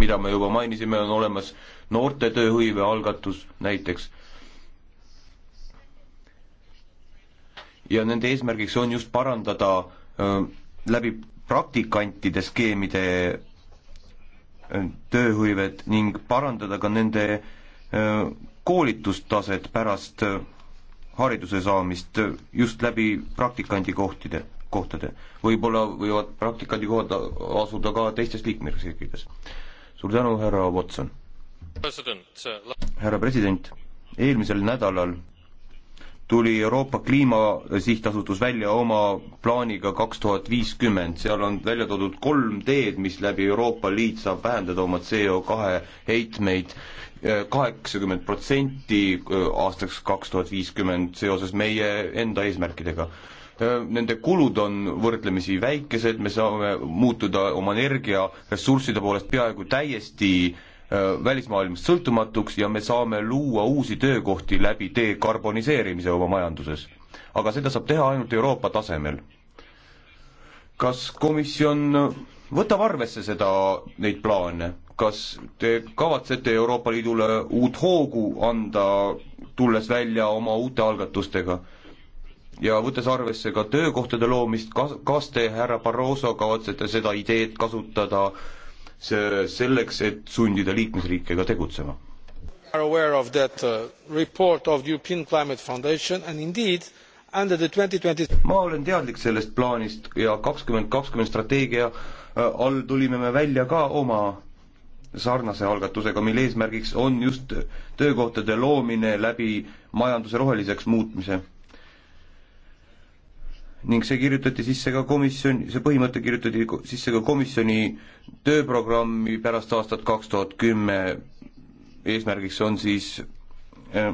mida me juba mainisime, on olemas noorte tööhõive algatus näiteks. ja nende eesmärgiks on just parandada öö, läbi praktikantide skeemide tööhõivet ning parandada ka nende äh, koolitustaset pärast äh, hariduse saamist äh, just läbi praktikandikohtide, kohtade. võib-olla võivad praktikandikohad asuda ka teistes liikmesriikides. suur tänu, härra Watson. härra president, eelmisel nädalal tuli Euroopa Kliimasihtasutus välja oma plaaniga kaks tuhat viiskümmend, seal on välja toodud kolm teed, mis läbi Euroopa Liit saab vähendada oma CO kahe heitmeid eh, kaheksakümmend protsenti eh, aastaks kaks tuhat viiskümmend seoses meie enda eesmärkidega. Eh, nende kulud on võrdlemisi väikesed, me saame muutuda oma energiaressursside poolest peaaegu täiesti äh, Äh, välismaailmast sõltumatuks ja me saame luua uusi töökohti läbi dekarboniseerimise oma majanduses. aga seda saab teha ainult Euroopa tasemel. kas komisjon võtab arvesse seda, neid plaane, kas te kavatsete Euroopa Liidule uut hoogu anda, tulles välja oma uute algatustega? ja võttes arvesse ka töökohtade loomist, kas, kas te, härra Barroso, kavatsete seda ideed kasutada äh, see selleks, et sundida liikmesriike ka tegutsema. are aware of that uh, report of the European Climate Foundation and indeed under the 2020 ma olen teadlik sellest plaanist ja kakskümmend kakskümmend strateegia äh, all tulime me välja ka oma sarnase algatusega, mille eesmärgiks on just töökohtade loomine läbi majanduse roheliseks muutmise ning see kirjutati sisse ka komisjon, see põhimõte kirjutati sisse ka komisjoni tööprogrammi pärast aastat kaks tuhat kümme, eesmärgiks on siis eh,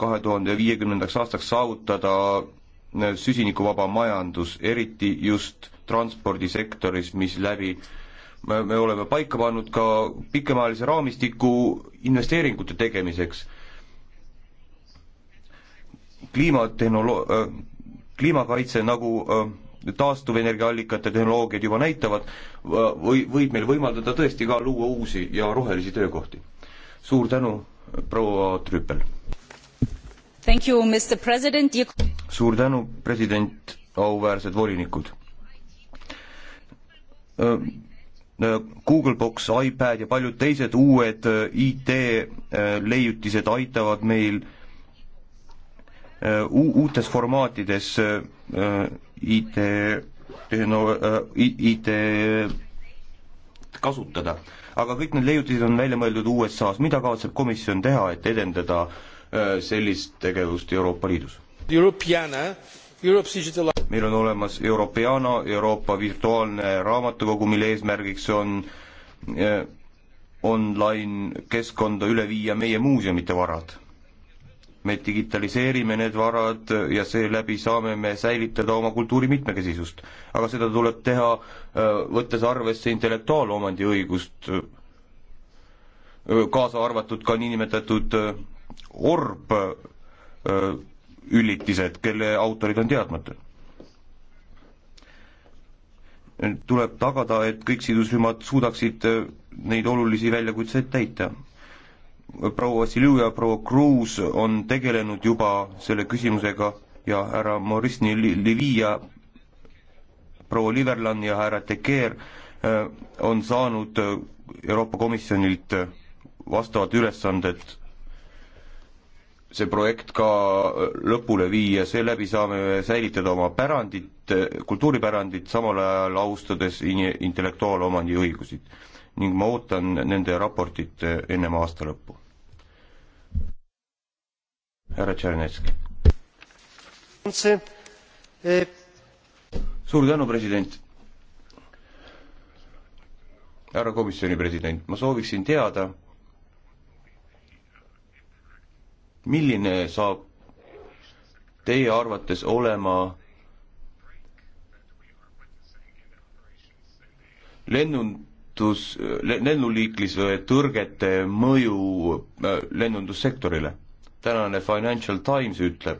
kahe tuhande viiekümnendaks aastaks saavutada eh, süsinikuvaba majandus, eriti just transpordisektoris, mis läbi me, me oleme paika pannud ka pikemaajalise raamistiku investeeringute tegemiseks. kliimatehnoloo-, eh, kliimakaitse, nagu äh, taastuvenergiaallikate tehnoloogiad juba näitavad, äh, või, võib meil võimaldada tõesti ka luua uusi ja rohelisi töökohti. suur tänu, proua Trüppel! suur tänu, president, auväärsed volinikud! Äh, Google Box, iPad ja paljud teised uued IT leiutised aitavad meil äh, Äh, uutes formaatides äh, äh, IT tehno-, IT kasutada. aga kõik need leiutised on välja mõeldud USA-s, mida kavatseb komisjon teha, et edendada sellist tegevust Euroopa Liidus? meil on olemas Europeana, Euroopa virtuaalne raamatukogu, mille eesmärgiks on online keskkonda üle viia meie muuseumite varad me digitaliseerime need varad ja seeläbi saame me säilitada oma kultuuri mitmekesisust. aga seda tuleb teha, äh, võttes arvesse intellektuaalomandi õigust, äh, kaasa arvatud ka niinimetatud äh, orbüllitised, kelle autorid on teadmata. tuleb tagada, et kõik sidusrühmad suudaksid neid olulisi väljakutseid täita proua Vassiljev ja proua Kruus on tegelenud juba selle küsimusega ja härra Morisni Livi ja proua Liverland ja härra Tekeer äh, on saanud äh, Euroopa Komisjonilt äh, vastavad ülesanded see projekt ka lõpule viia, seeläbi saame säilitada oma pärandit, kultuuripärandit, samal ajal austades intellektuaalomandi õigusid. ning ma ootan nende raportit ennem aasta lõppu härra Tšernetski. suur tänu, president. härra komisjoni president, ma sooviksin teada, milline saab teie arvates olema lennundus, lennuliiklise tõrgete mõju äh, lennundussektorile? tänane Financial Times ütleb,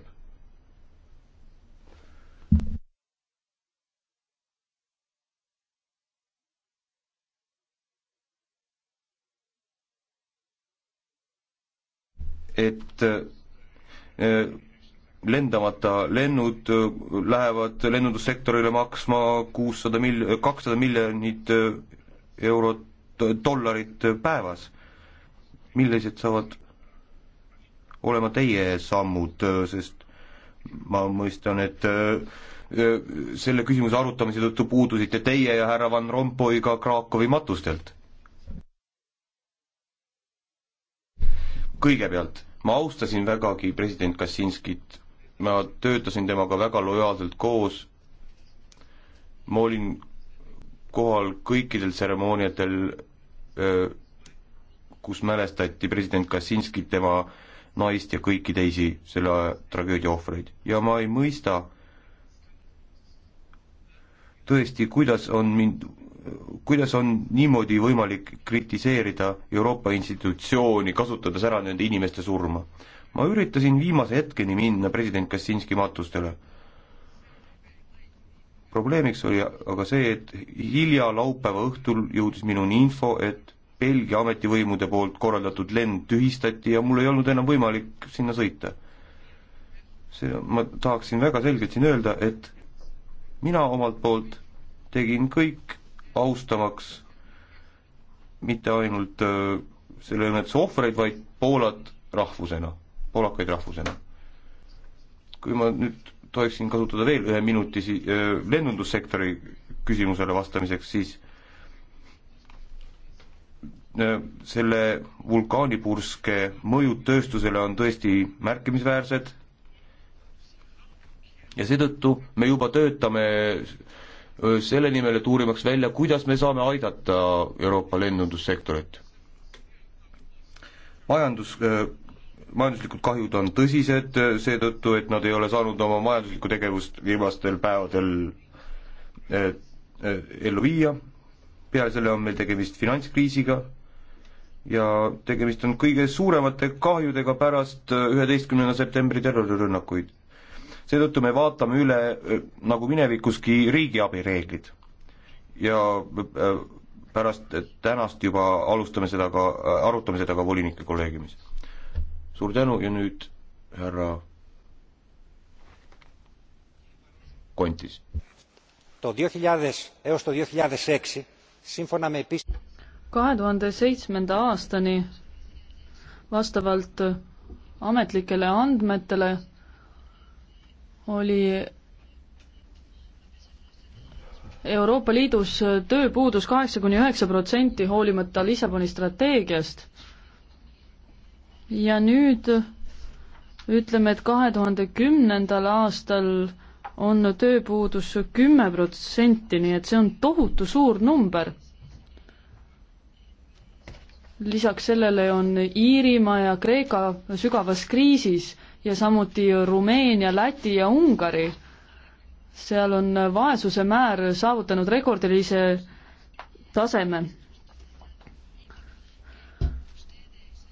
et äh, lendamata lennud äh, lähevad lennundussektorile maksma kuussada mil-, kakssada miljonit äh, eurot, dollarit päevas, millised saavad olema teie sammud, sest ma mõistan, et äh, selle küsimuse arutamise tõttu puudusite teie ja härra Van Rompuy ka Krakowi matustelt. kõigepealt, ma austasin vägagi president Kaczynskit, ma töötasin temaga väga lojaalselt koos, ma olin kohal kõikidel tseremooniatel, äh, kus mälestati president Kaczynskit tema öö, naist ja kõiki teisi selle tragöödia ohvreid ja ma ei mõista tõesti, kuidas on mind, kuidas on niimoodi võimalik kritiseerida Euroopa institutsiooni, kasutades ära nende inimeste surma. ma üritasin viimase hetkeni minna president Kaczynski matustele. probleemiks oli aga see, et hilja laupäeva õhtul jõudis minuni info, et Belgia ametivõimude poolt korraldatud lend tühistati ja mul ei olnud enam võimalik sinna sõita. see, ma tahaksin väga selgelt siin öelda, et mina omalt poolt tegin kõik austamaks mitte ainult öö, äh, selle õnnetuse ohvreid, vaid Poolat rahvusena, poolakaid rahvusena. kui ma nüüd tohiksin kasutada veel ühe minuti si-, äh, lennundussektori küsimusele vastamiseks, siis Äh, selle vulkaanipurske mõjud tööstusele on tõesti märkimisväärsed ja seetõttu me juba töötame äh, selle nimel, et uurimaks välja, kuidas me saame aidata Euroopa lennundussektorit. majandus, äh, majanduslikud kahjud on tõsised seetõttu, et nad ei ole saanud oma majanduslikku tegevust viimastel päevadel ellu viia, peale selle on meil tegemist finantskriisiga ja tegemist on kõige suuremate kahjudega pärast äh, üheteistkümnenda septembri terrorirünnakuid. seetõttu me vaatame üle, äh, nagu minevikuski, riigiabi reeglid. ja äh, pärast tänast juba alustame seda ka, arutame seda ka volinike kolleegiumis. suur tänu ja nüüd härra Kontis. το 2000 έως το 2006 σύμφωνα με επίσημη kahe tuhande seitsmenda aastani vastavalt ametlikele andmetele oli Euroopa Liidus tööpuudus kaheksa kuni üheksa protsenti, hoolimata Lissaboni strateegiast. ja nüüd ütleme, et kahe tuhande kümnendal aastal on tööpuudus kümme protsenti, nii et see on tohutu suur number lisaks sellele on Iirimaa ja Kreeka sügavas kriisis ja samuti Rumeenia, Läti ja Ungari. seal on vaesuse määr saavutanud rekordilise taseme.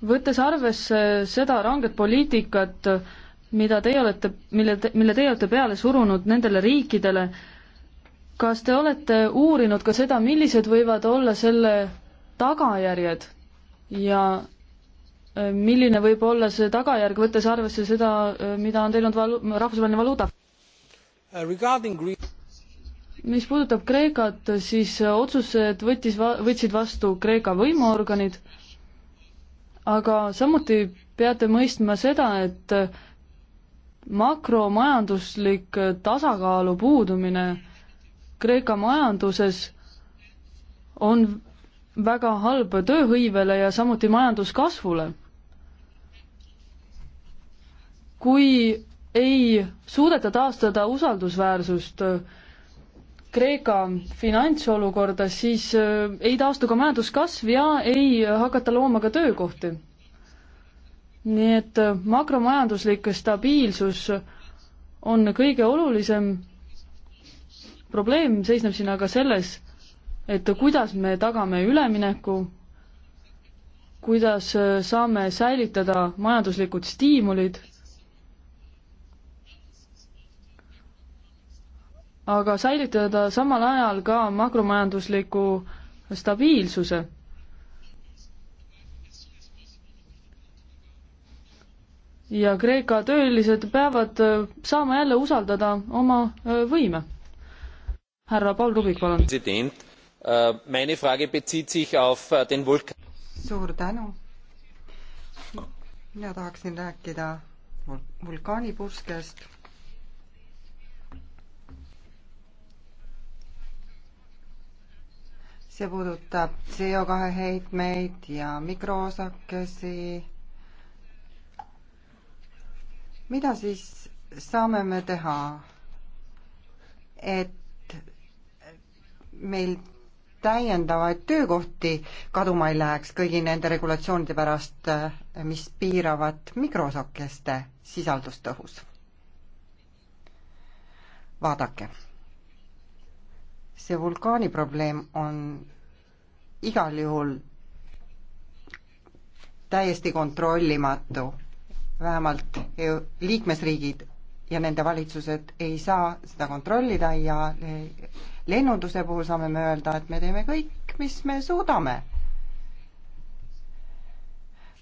võttes arvesse seda ranget poliitikat, mida teie olete, mille, mille teie olete peale surunud nendele riikidele, kas te olete uurinud ka seda, millised võivad olla selle tagajärjed ja äh, milline võib olla see tagajärg, võttes arvesse seda, äh, mida on teinud valu-, rahvusvaheline valuuta? Uh, mis puudutab Kreekat, siis äh, otsused võttis, võtsid vastu Kreeka võimuorganid, aga samuti peate mõistma seda, et makromajanduslik tasakaalu puudumine Kreeka majanduses on väga halb tööhõivele ja samuti majanduskasvule. kui ei suudeta taastada usaldusväärsust äh, Kreeka finantsolukorda, siis äh, ei taastu ka majanduskasv ja ei hakata looma ka töökohti. nii et äh, makromajanduslik stabiilsus on kõige olulisem probleem seisneb siin aga selles, et kuidas me tagame ülemineku, kuidas äh, saame säilitada majanduslikud stiimulid, aga säilitada samal ajal ka makromajandusliku stabiilsuse ja Kreeka töölised peavad äh, saama jälle usaldada oma äh, võime. härra Paul Rubik, palun. Äh, meine frage bezieht sich auf äh, den vulkan. suur tänu! mina tahaksin rääkida vulkaanipurskest. see puudutab CO kahe heitmeid ja mikroosakesi. mida siis saame me teha, et meil täiendavaid töökohti kaduma ei läheks kõigi nende regulatsioonide pärast, mis piiravad mikroosakeste sisaldust õhus. vaadake, see vulkaani probleem on igal juhul täiesti kontrollimatu vähemalt liikmesriigid ja nende valitsused ei saa seda kontrollida ja lennunduse puhul saame me öelda, et me teeme kõik, mis me suudame.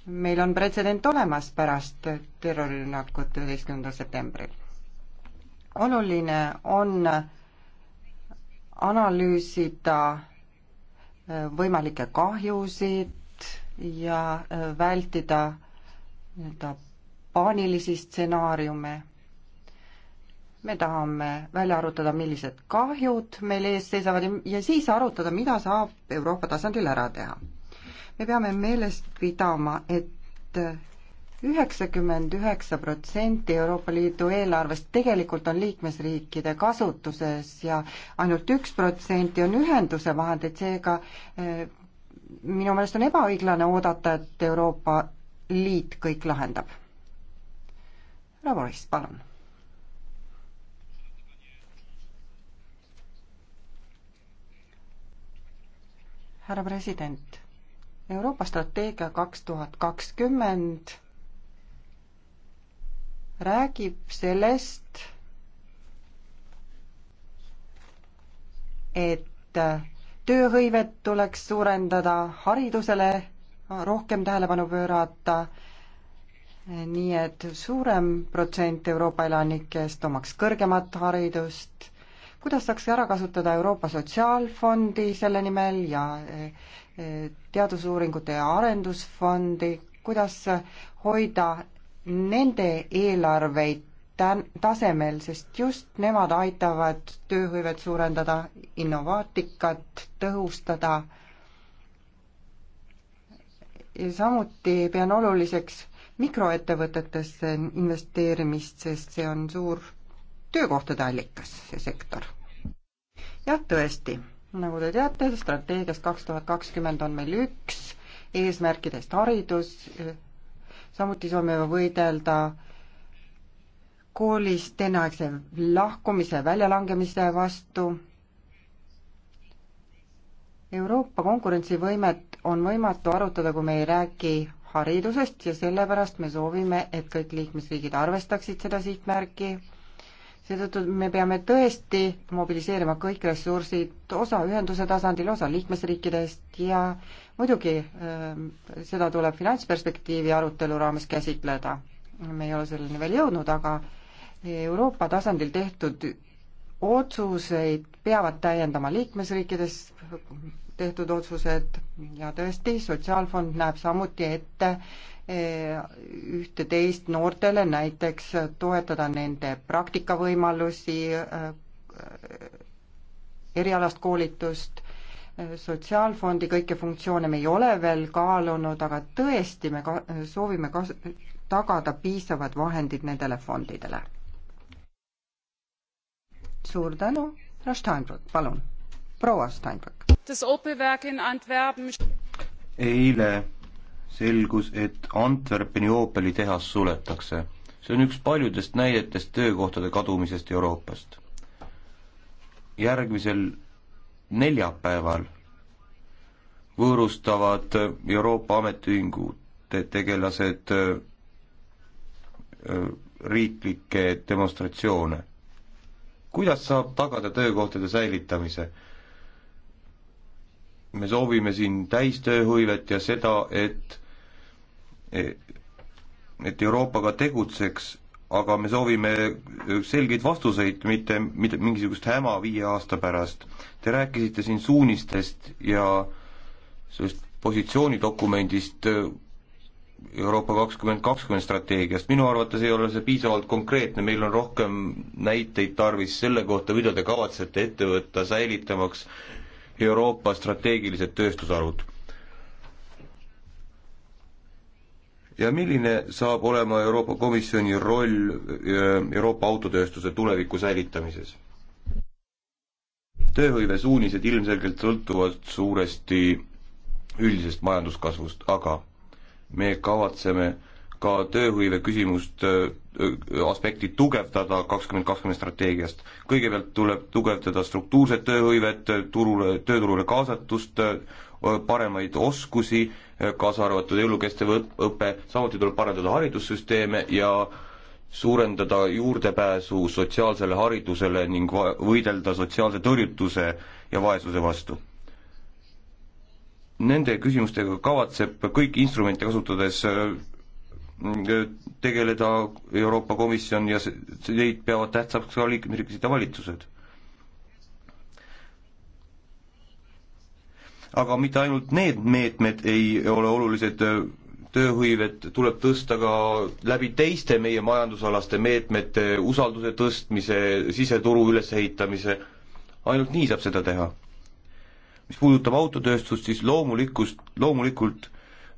meil on pretsedent olemas pärast terrorirünnakut üheteistkümnendal septembril. oluline on analüüsida äh, võimalikke kahjusid ja äh, vältida nii-öelda paanilisi stsenaariume me tahame välja arutada, millised kahjud meil ees seisavad ja siis arutada, mida saab Euroopa tasandil ära teha. me peame meeles pidama, et üheksakümmend üheksa protsenti Euroopa Liidu eelarvest tegelikult on liikmesriikide kasutuses ja ainult üks protsenti on ühenduse vahendeid, seega eh, minu meelest on ebaõiglane oodata, et Euroopa Liit kõik lahendab. härra Boris, palun härra president, Euroopa strateegia kaks tuhat kakskümmend räägib sellest, et tööhõivet tuleks suurendada, haridusele rohkem tähelepanu pöörata, nii et suurem protsent Euroopa elanikest omaks kõrgemat haridust kuidas saaks ära kasutada Euroopa Sotsiaalfondi selle nimel ja eh, eh, teadusuuringute ja arendusfondi, kuidas hoida nende eelarveid tasemel, sest just nemad aitavad tööhõivet suurendada, innovaatikat tõhustada. samuti pean oluliseks mikroettevõtetesse investeerimist, sest see on suur töökohtade allikas, see sektor. jah, tõesti, nagu te teate, strateegias kaks tuhat kakskümmend on meil üks eesmärkidest haridus, samuti soovime võidelda koolist enneaegse lahkumise, väljalangemise vastu. Euroopa konkurentsivõimet on võimatu arutada, kui me ei räägi haridusest ja sellepärast me soovime, et kõik liikmesriigid arvestaksid seda sihtmärki seetõttu me peame tõesti mobiliseerima kõik ressursid, osa ühenduse tasandil, osa liikmesriikidest ja muidugi ähm, seda tuleb finantsperspektiivi arutelu raames käsitleda. me ei ole selleni veel jõudnud, aga Euroopa tasandil tehtud otsuseid peavad täiendama liikmesriikides tehtud otsused ja tõesti, Sotsiaalfond näeb samuti ette Eh, ühte-teist noortele, näiteks toetada nende praktikavõimalusi, eh, erialast koolitust, eh, sotsiaalfondi kõiki funktsioone me ei ole veel kaalunud, aga tõesti, me ka-, soovime kas-, tagada piisavad vahendid nendele fondidele. suur tänu, härra Steinbrück, palun, proua Steinbrück. eile selgus, et Antwerpeni Opeli tehas suletakse. see on üks paljudest näidetest töökohtade kadumisest Euroopast. järgmisel neljapäeval võõrustavad Euroopa ametiühingute tegelased äh, riiklikke demonstratsioone. kuidas saab tagada töökohtade säilitamise? me soovime siin täistööhõivet ja seda, et e, et Euroopa ka tegutseks, aga me soovime selgeid vastuseid, mitte, mitte mingisugust häma viie aasta pärast. Te rääkisite siin suunistest ja sellest positsioonidokumendist e, Euroopa kakskümmend kakskümmend strateegiast, minu arvates ei ole see piisavalt konkreetne, meil on rohkem näiteid tarvis selle kohta, mida te kavatsete ette võtta, säilitamaks Euroopa strateegilised tööstusharud. ja milline saab olema Euroopa Komisjoni roll Euroopa autotööstuse tuleviku säilitamises? tööhõive suunised ilmselgelt sõltuvad suuresti üldisest majanduskasvust, aga me kavatseme ka tööhõive küsimust aspekti tugevdada kakskümmend kakskümmend strateegiast. kõigepealt tuleb tugevdada struktuurset tööhõivet, turule, tööturule kaasatust, paremaid oskusi, kaasa arvatud elukestev õpe, samuti tuleb parandada haridussüsteeme ja suurendada juurdepääsu sotsiaalsele haridusele ning võidelda sotsiaalse tõrjutuse ja vaesuse vastu. Nende küsimustega kavatseb kõiki instrumente kasutades tegeleda Euroopa Komisjon ja neid peavad tähtsaks ka liikmesriigid ja valitsused. aga mitte ainult need meetmed ei ole olulised, tööhõivet tuleb tõsta ka läbi teiste meie majandusalaste meetmete, usalduse tõstmise, siseturu ülesehitamise, ainult nii saab seda teha. mis puudutab autotööstust, siis loomulikust, loomulikult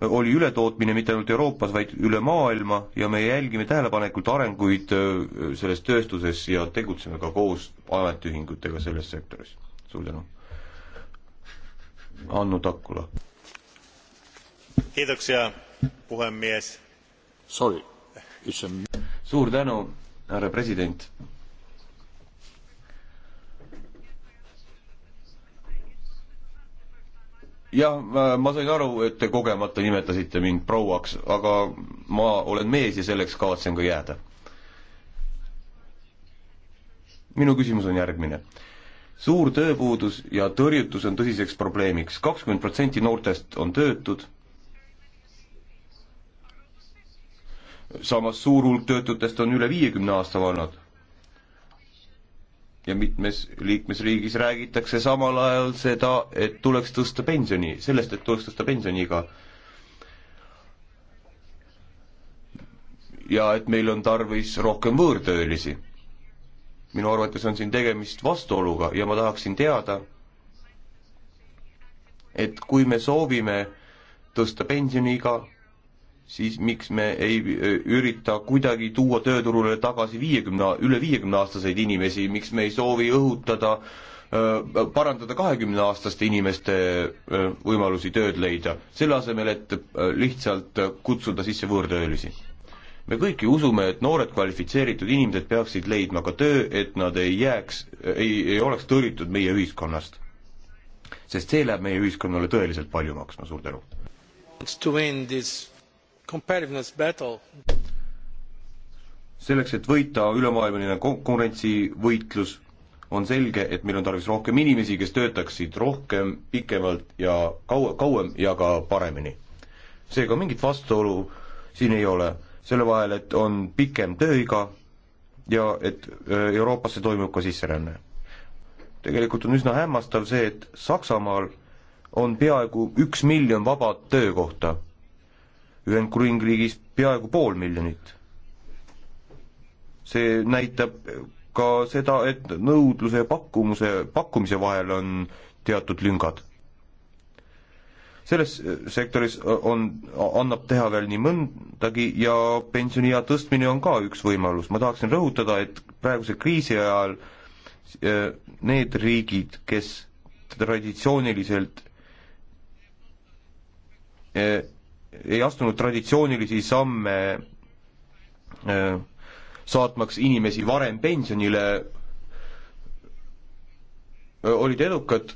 oli ületootmine mitte ainult Euroopas, vaid üle maailma ja me jälgime tähelepanelikult arenguid äh, selles tööstuses ja tegutseme ka koos ametiühingutega selles sektoris. suur tänu. Annu Takula. kiitoksia, puhemees. Sorry. suur tänu, härra president jah, ma sain aru, et te kogemata nimetasite mind prouaks, aga ma olen mees ja selleks kavatsen ka jääda. minu küsimus on järgmine. suur tööpuudus ja tõrjutus on tõsiseks probleemiks, kakskümmend protsenti noortest on töötud, samas suur hulk töötutest on üle viiekümne aasta vanad ja mitmes liikmesriigis räägitakse samal ajal seda, et tuleks tõsta pensioni, sellest, et tuleks tõsta pensioniiga. ja et meil on tarvis rohkem võõrtöölisi. minu arvates on siin tegemist vastuoluga ja ma tahaksin teada, et kui me soovime tõsta pensioniiga, siis miks me ei ürita kuidagi tuua tööturule tagasi viiekümne, üle viiekümne aastaseid inimesi, miks me ei soovi õhutada, parandada kahekümne aastaste inimeste võimalusi tööd leida, selle asemel, et lihtsalt kutsuda sisse võõrtöölisi? me kõik ju usume, et noored kvalifitseeritud inimesed peaksid leidma ka töö, et nad ei jääks, ei, ei oleks tõrjutud meie ühiskonnast. sest see läheb meie ühiskonnale tõeliselt palju maksma, suur tänu. To end this competitiveness battle selleks, et võita ülemaailmaline konkurentsivõitlus, on selge, et meil on tarvis rohkem inimesi, kes töötaksid rohkem, pikemalt ja kaua, kauem ja ka paremini. seega mingit vastuolu siin ei ole, selle vahel, et on pikem tööiga ja et äh, Euroopasse toimub ka sisseränne. tegelikult on üsna hämmastav see, et Saksamaal on peaaegu üks miljon vaba töökohta Ühendkuningriigis peaaegu pool miljonit. see näitab ka seda, et nõudluse ja pakkumuse, pakkumise vahel on teatud lüngad. selles sektoris on, annab teha veel nii mõndagi ja pensioniea tõstmine on ka üks võimalus, ma tahaksin rõhutada, et praeguse kriisi ajal äh, need riigid, kes traditsiooniliselt äh, ei astunud traditsioonilisi samme äh, saatmaks inimesi varem pensionile, äh, olid edukad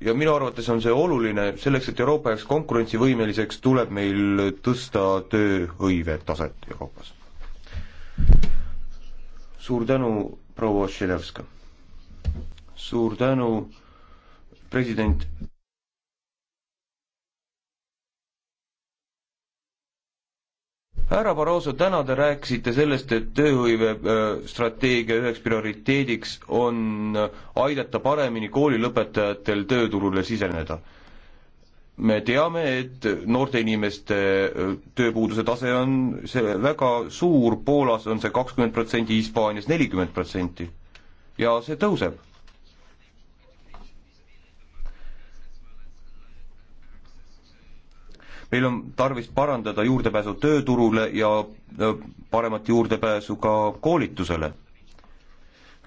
ja minu arvates on see oluline, selleks et Euroopa jääks konkurentsivõimeliseks, tuleb meil tõsta tööhõive taset Euroopas. suur tänu, proua Ossinovska! suur tänu, president härra Barroso, täna te rääkisite sellest, et tööhõivestrateegia äh, üheks prioriteediks on äh, aidata paremini koolilõpetajatel tööturule siseneda. me teame, et noorte inimeste äh, tööpuuduse tase on see väga suur, Poolas on see kakskümmend protsenti, Hispaanias nelikümmend protsenti ja see tõuseb meil on tarvis parandada juurdepääsu tööturule ja paremat juurdepääsu ka koolitusele.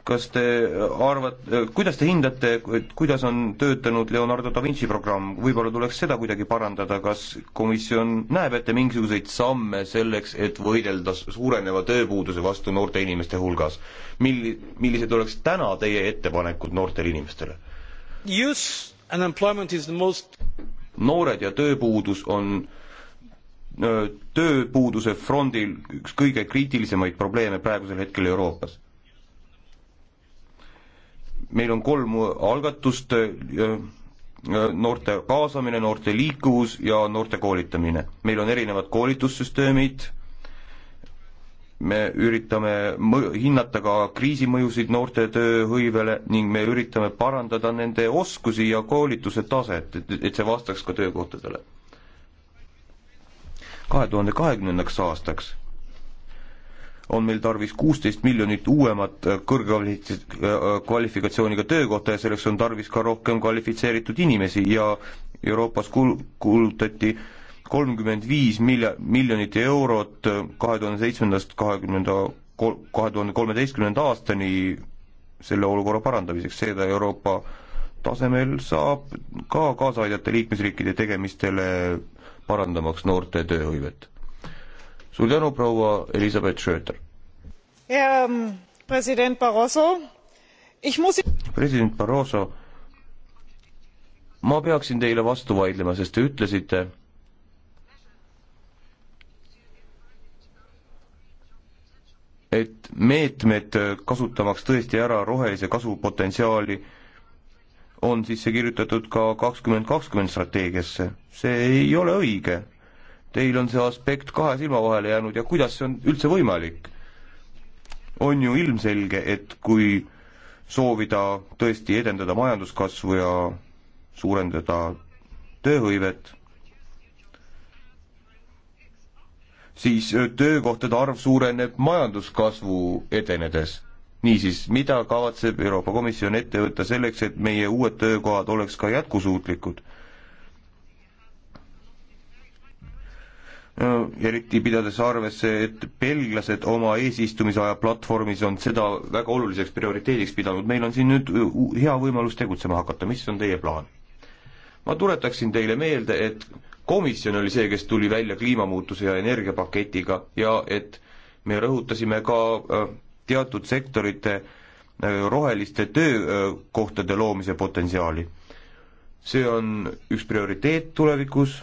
kas te arvate, kuidas te hindate, kuidas on töötanud Leonardo da Vinci programm, võib-olla tuleks seda kuidagi parandada, kas komisjon näeb ette mingisuguseid samme selleks, et võidelda suureneva tööpuuduse vastu noorte inimeste hulgas? Milli-, millised oleks täna teie ettepanekud noortele inimestele? Youth unemployment is the most noored ja tööpuudus on tööpuuduse frondil üks kõige kriitilisemaid probleeme praegusel hetkel Euroopas. meil on kolm algatust, noorte kaasamine, noorte liikuvus ja noorte koolitamine. meil on erinevad koolitussüsteemid, me üritame mõ-, hinnata ka kriisi mõjusid noorte tööhõivele ning me üritame parandada nende oskusi ja koolituse taset, et, et see vastaks ka töökohtadele. kahe tuhande kahekümnendaks aastaks on meil tarvis kuusteist miljonit uuemat kõrgkvalifits-, kvalifikatsiooniga töökohta ja selleks on tarvis ka rohkem kvalifitseeritud inimesi ja Euroopas kul-, kuulutati äh, kolmkümmend viis milja-, miljonit eurot kahe tuhande seitsmendast kahekümnenda, kahe tuhande kolmeteistkümnenda aastani selle olukorra parandamiseks, seega Euroopa tasemel saab ka kaasa aidata liikmesriikide tegemistele, parandamaks noorte tööhõivet. suur tänu, proua Elizabeth Schröter! Ähm, president Barroso, muss... president Barroso, ma peaksin teile vastu vaidlema, sest te ütlesite, et meetmed, kasutamaks tõesti ära rohelise kasu potentsiaali, on sisse kirjutatud ka kakskümmend kakskümmend strateegiasse. see ei ole õige. Teil on see aspekt kahe silma vahele jäänud ja kuidas see on üldse võimalik? on ju ilmselge, et kui soovida tõesti edendada majanduskasvu ja suurendada tööhõivet, siis töökohtade arv suureneb majanduskasvu edenedes. niisiis, mida kavatseb Euroopa Komisjon ette võtta selleks, et meie uued töökohad oleks ka jätkusuutlikud? no eriti pidades arvesse, et belglased oma eesistumise aja platvormis on seda väga oluliseks prioriteediks pidanud, meil on siin nüüd hea võimalus tegutsema hakata, mis on teie plaan? ma tuletaksin teile meelde, et komisjon oli see, kes tuli välja kliimamuutuse ja energiapaketiga ja et me rõhutasime ka äh, teatud sektorite äh, roheliste töökohtade loomise potentsiaali. see on üks prioriteet tulevikus,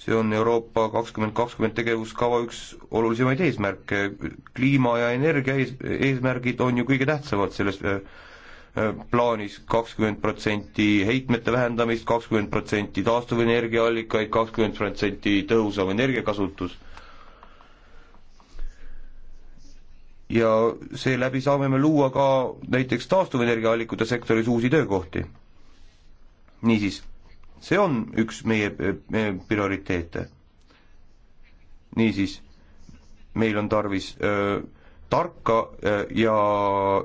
see on Euroopa kakskümmend kakskümmend tegevuskava üks olulisemaid eesmärke, kliima ja energia ees, eesmärgid on ju kõige tähtsamad selles äh, plaanis kakskümmend protsenti heitmete vähendamist, kakskümmend protsenti taastuvenergiaallikaid, kakskümmend protsenti tõhusam energiakasutus. ja seeläbi saame me luua ka näiteks taastuvenergiaallikute sektoris uusi töökohti. niisiis, see on üks meie, meie prioriteete. niisiis, meil on tarvis öö, tarka eh, ja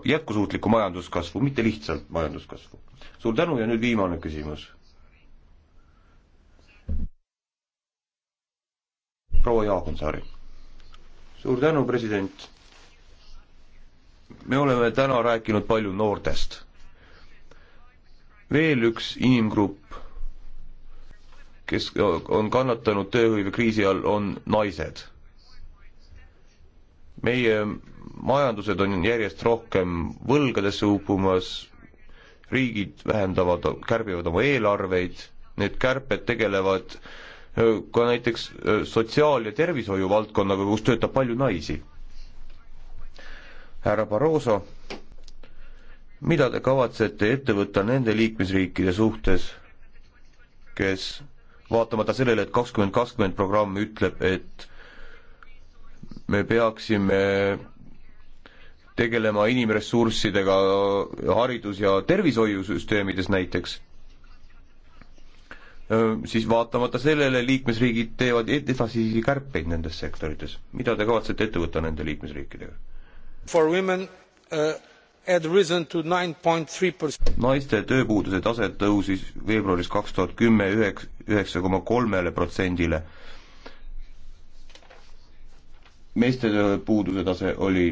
jätkusuutlikku majanduskasvu, mitte lihtsalt majanduskasvu. suur tänu ja nüüd viimane küsimus. proua Jaagonsaari. suur tänu, president. me oleme täna rääkinud palju noortest. veel üks inimgrupp, kes on kannatanud tööhõivekriisi all, on naised meie majandused on järjest rohkem võlgadesse upumas, riigid vähendavad, kärbivad oma eelarveid, need kärped tegelevad äh, ka näiteks äh, sotsiaal- ja tervishoiu valdkonnaga, kus töötab palju naisi. härra Barroso, mida te kavatsete ette võtta nende liikmesriikide suhtes, kes vaatamata sellele, et kakskümmend kakskümmend programm ütleb, et me peaksime tegelema inimressurssidega haridus- ja tervishoiusüsteemides näiteks, siis vaatamata sellele liikmesriigid teevad edasisi kärpeid nendes sektorites. mida te kavatsete ette võtta nende liikmesriikidega? For women uh, had risen to nine point three percent. naiste tööpuuduse tase tõusis veebruaris kaks tuhat kümme üheksa, üheksa koma kolmele protsendile meeste puuduse tase oli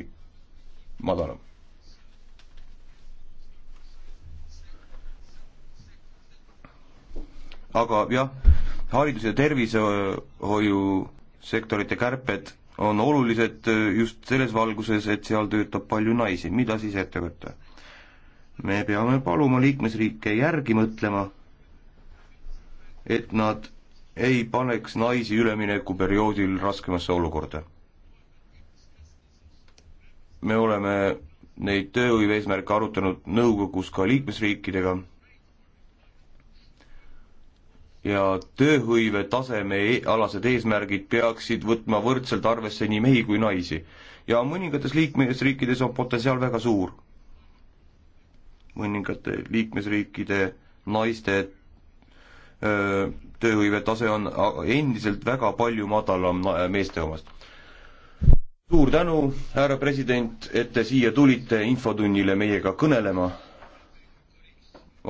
madalam. aga jah, haridus- ja tervishoiusektorite kärped on olulised just selles valguses, et seal töötab palju naisi, mida siis ette võtta? me peame paluma liikmesriike järgi mõtlema, et nad ei paneks naisi üleminekuperioodil raskemasse olukorda me oleme neid tööhõive eesmärke arutanud nõukogus ka liikmesriikidega ja tööhõive taseme e-, alased eesmärgid peaksid võtma võrdselt arvesse nii mehi kui naisi. ja mõningates liikmesriikides on potentsiaal väga suur. mõningate liikmesriikide naiste tööhõive tase on endiselt väga palju madalam meeste omast suur tänu, härra president, et te siia tulite infotunnile meiega kõnelema.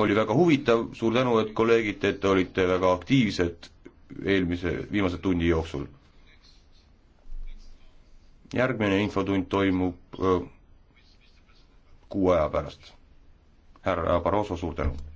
oli väga huvitav, suur tänu, et kolleegid, et te olite väga aktiivsed eelmise, viimase tunni jooksul. järgmine infotund toimub öö, äh, kuu aja pärast. härra Barroso, suur tänu!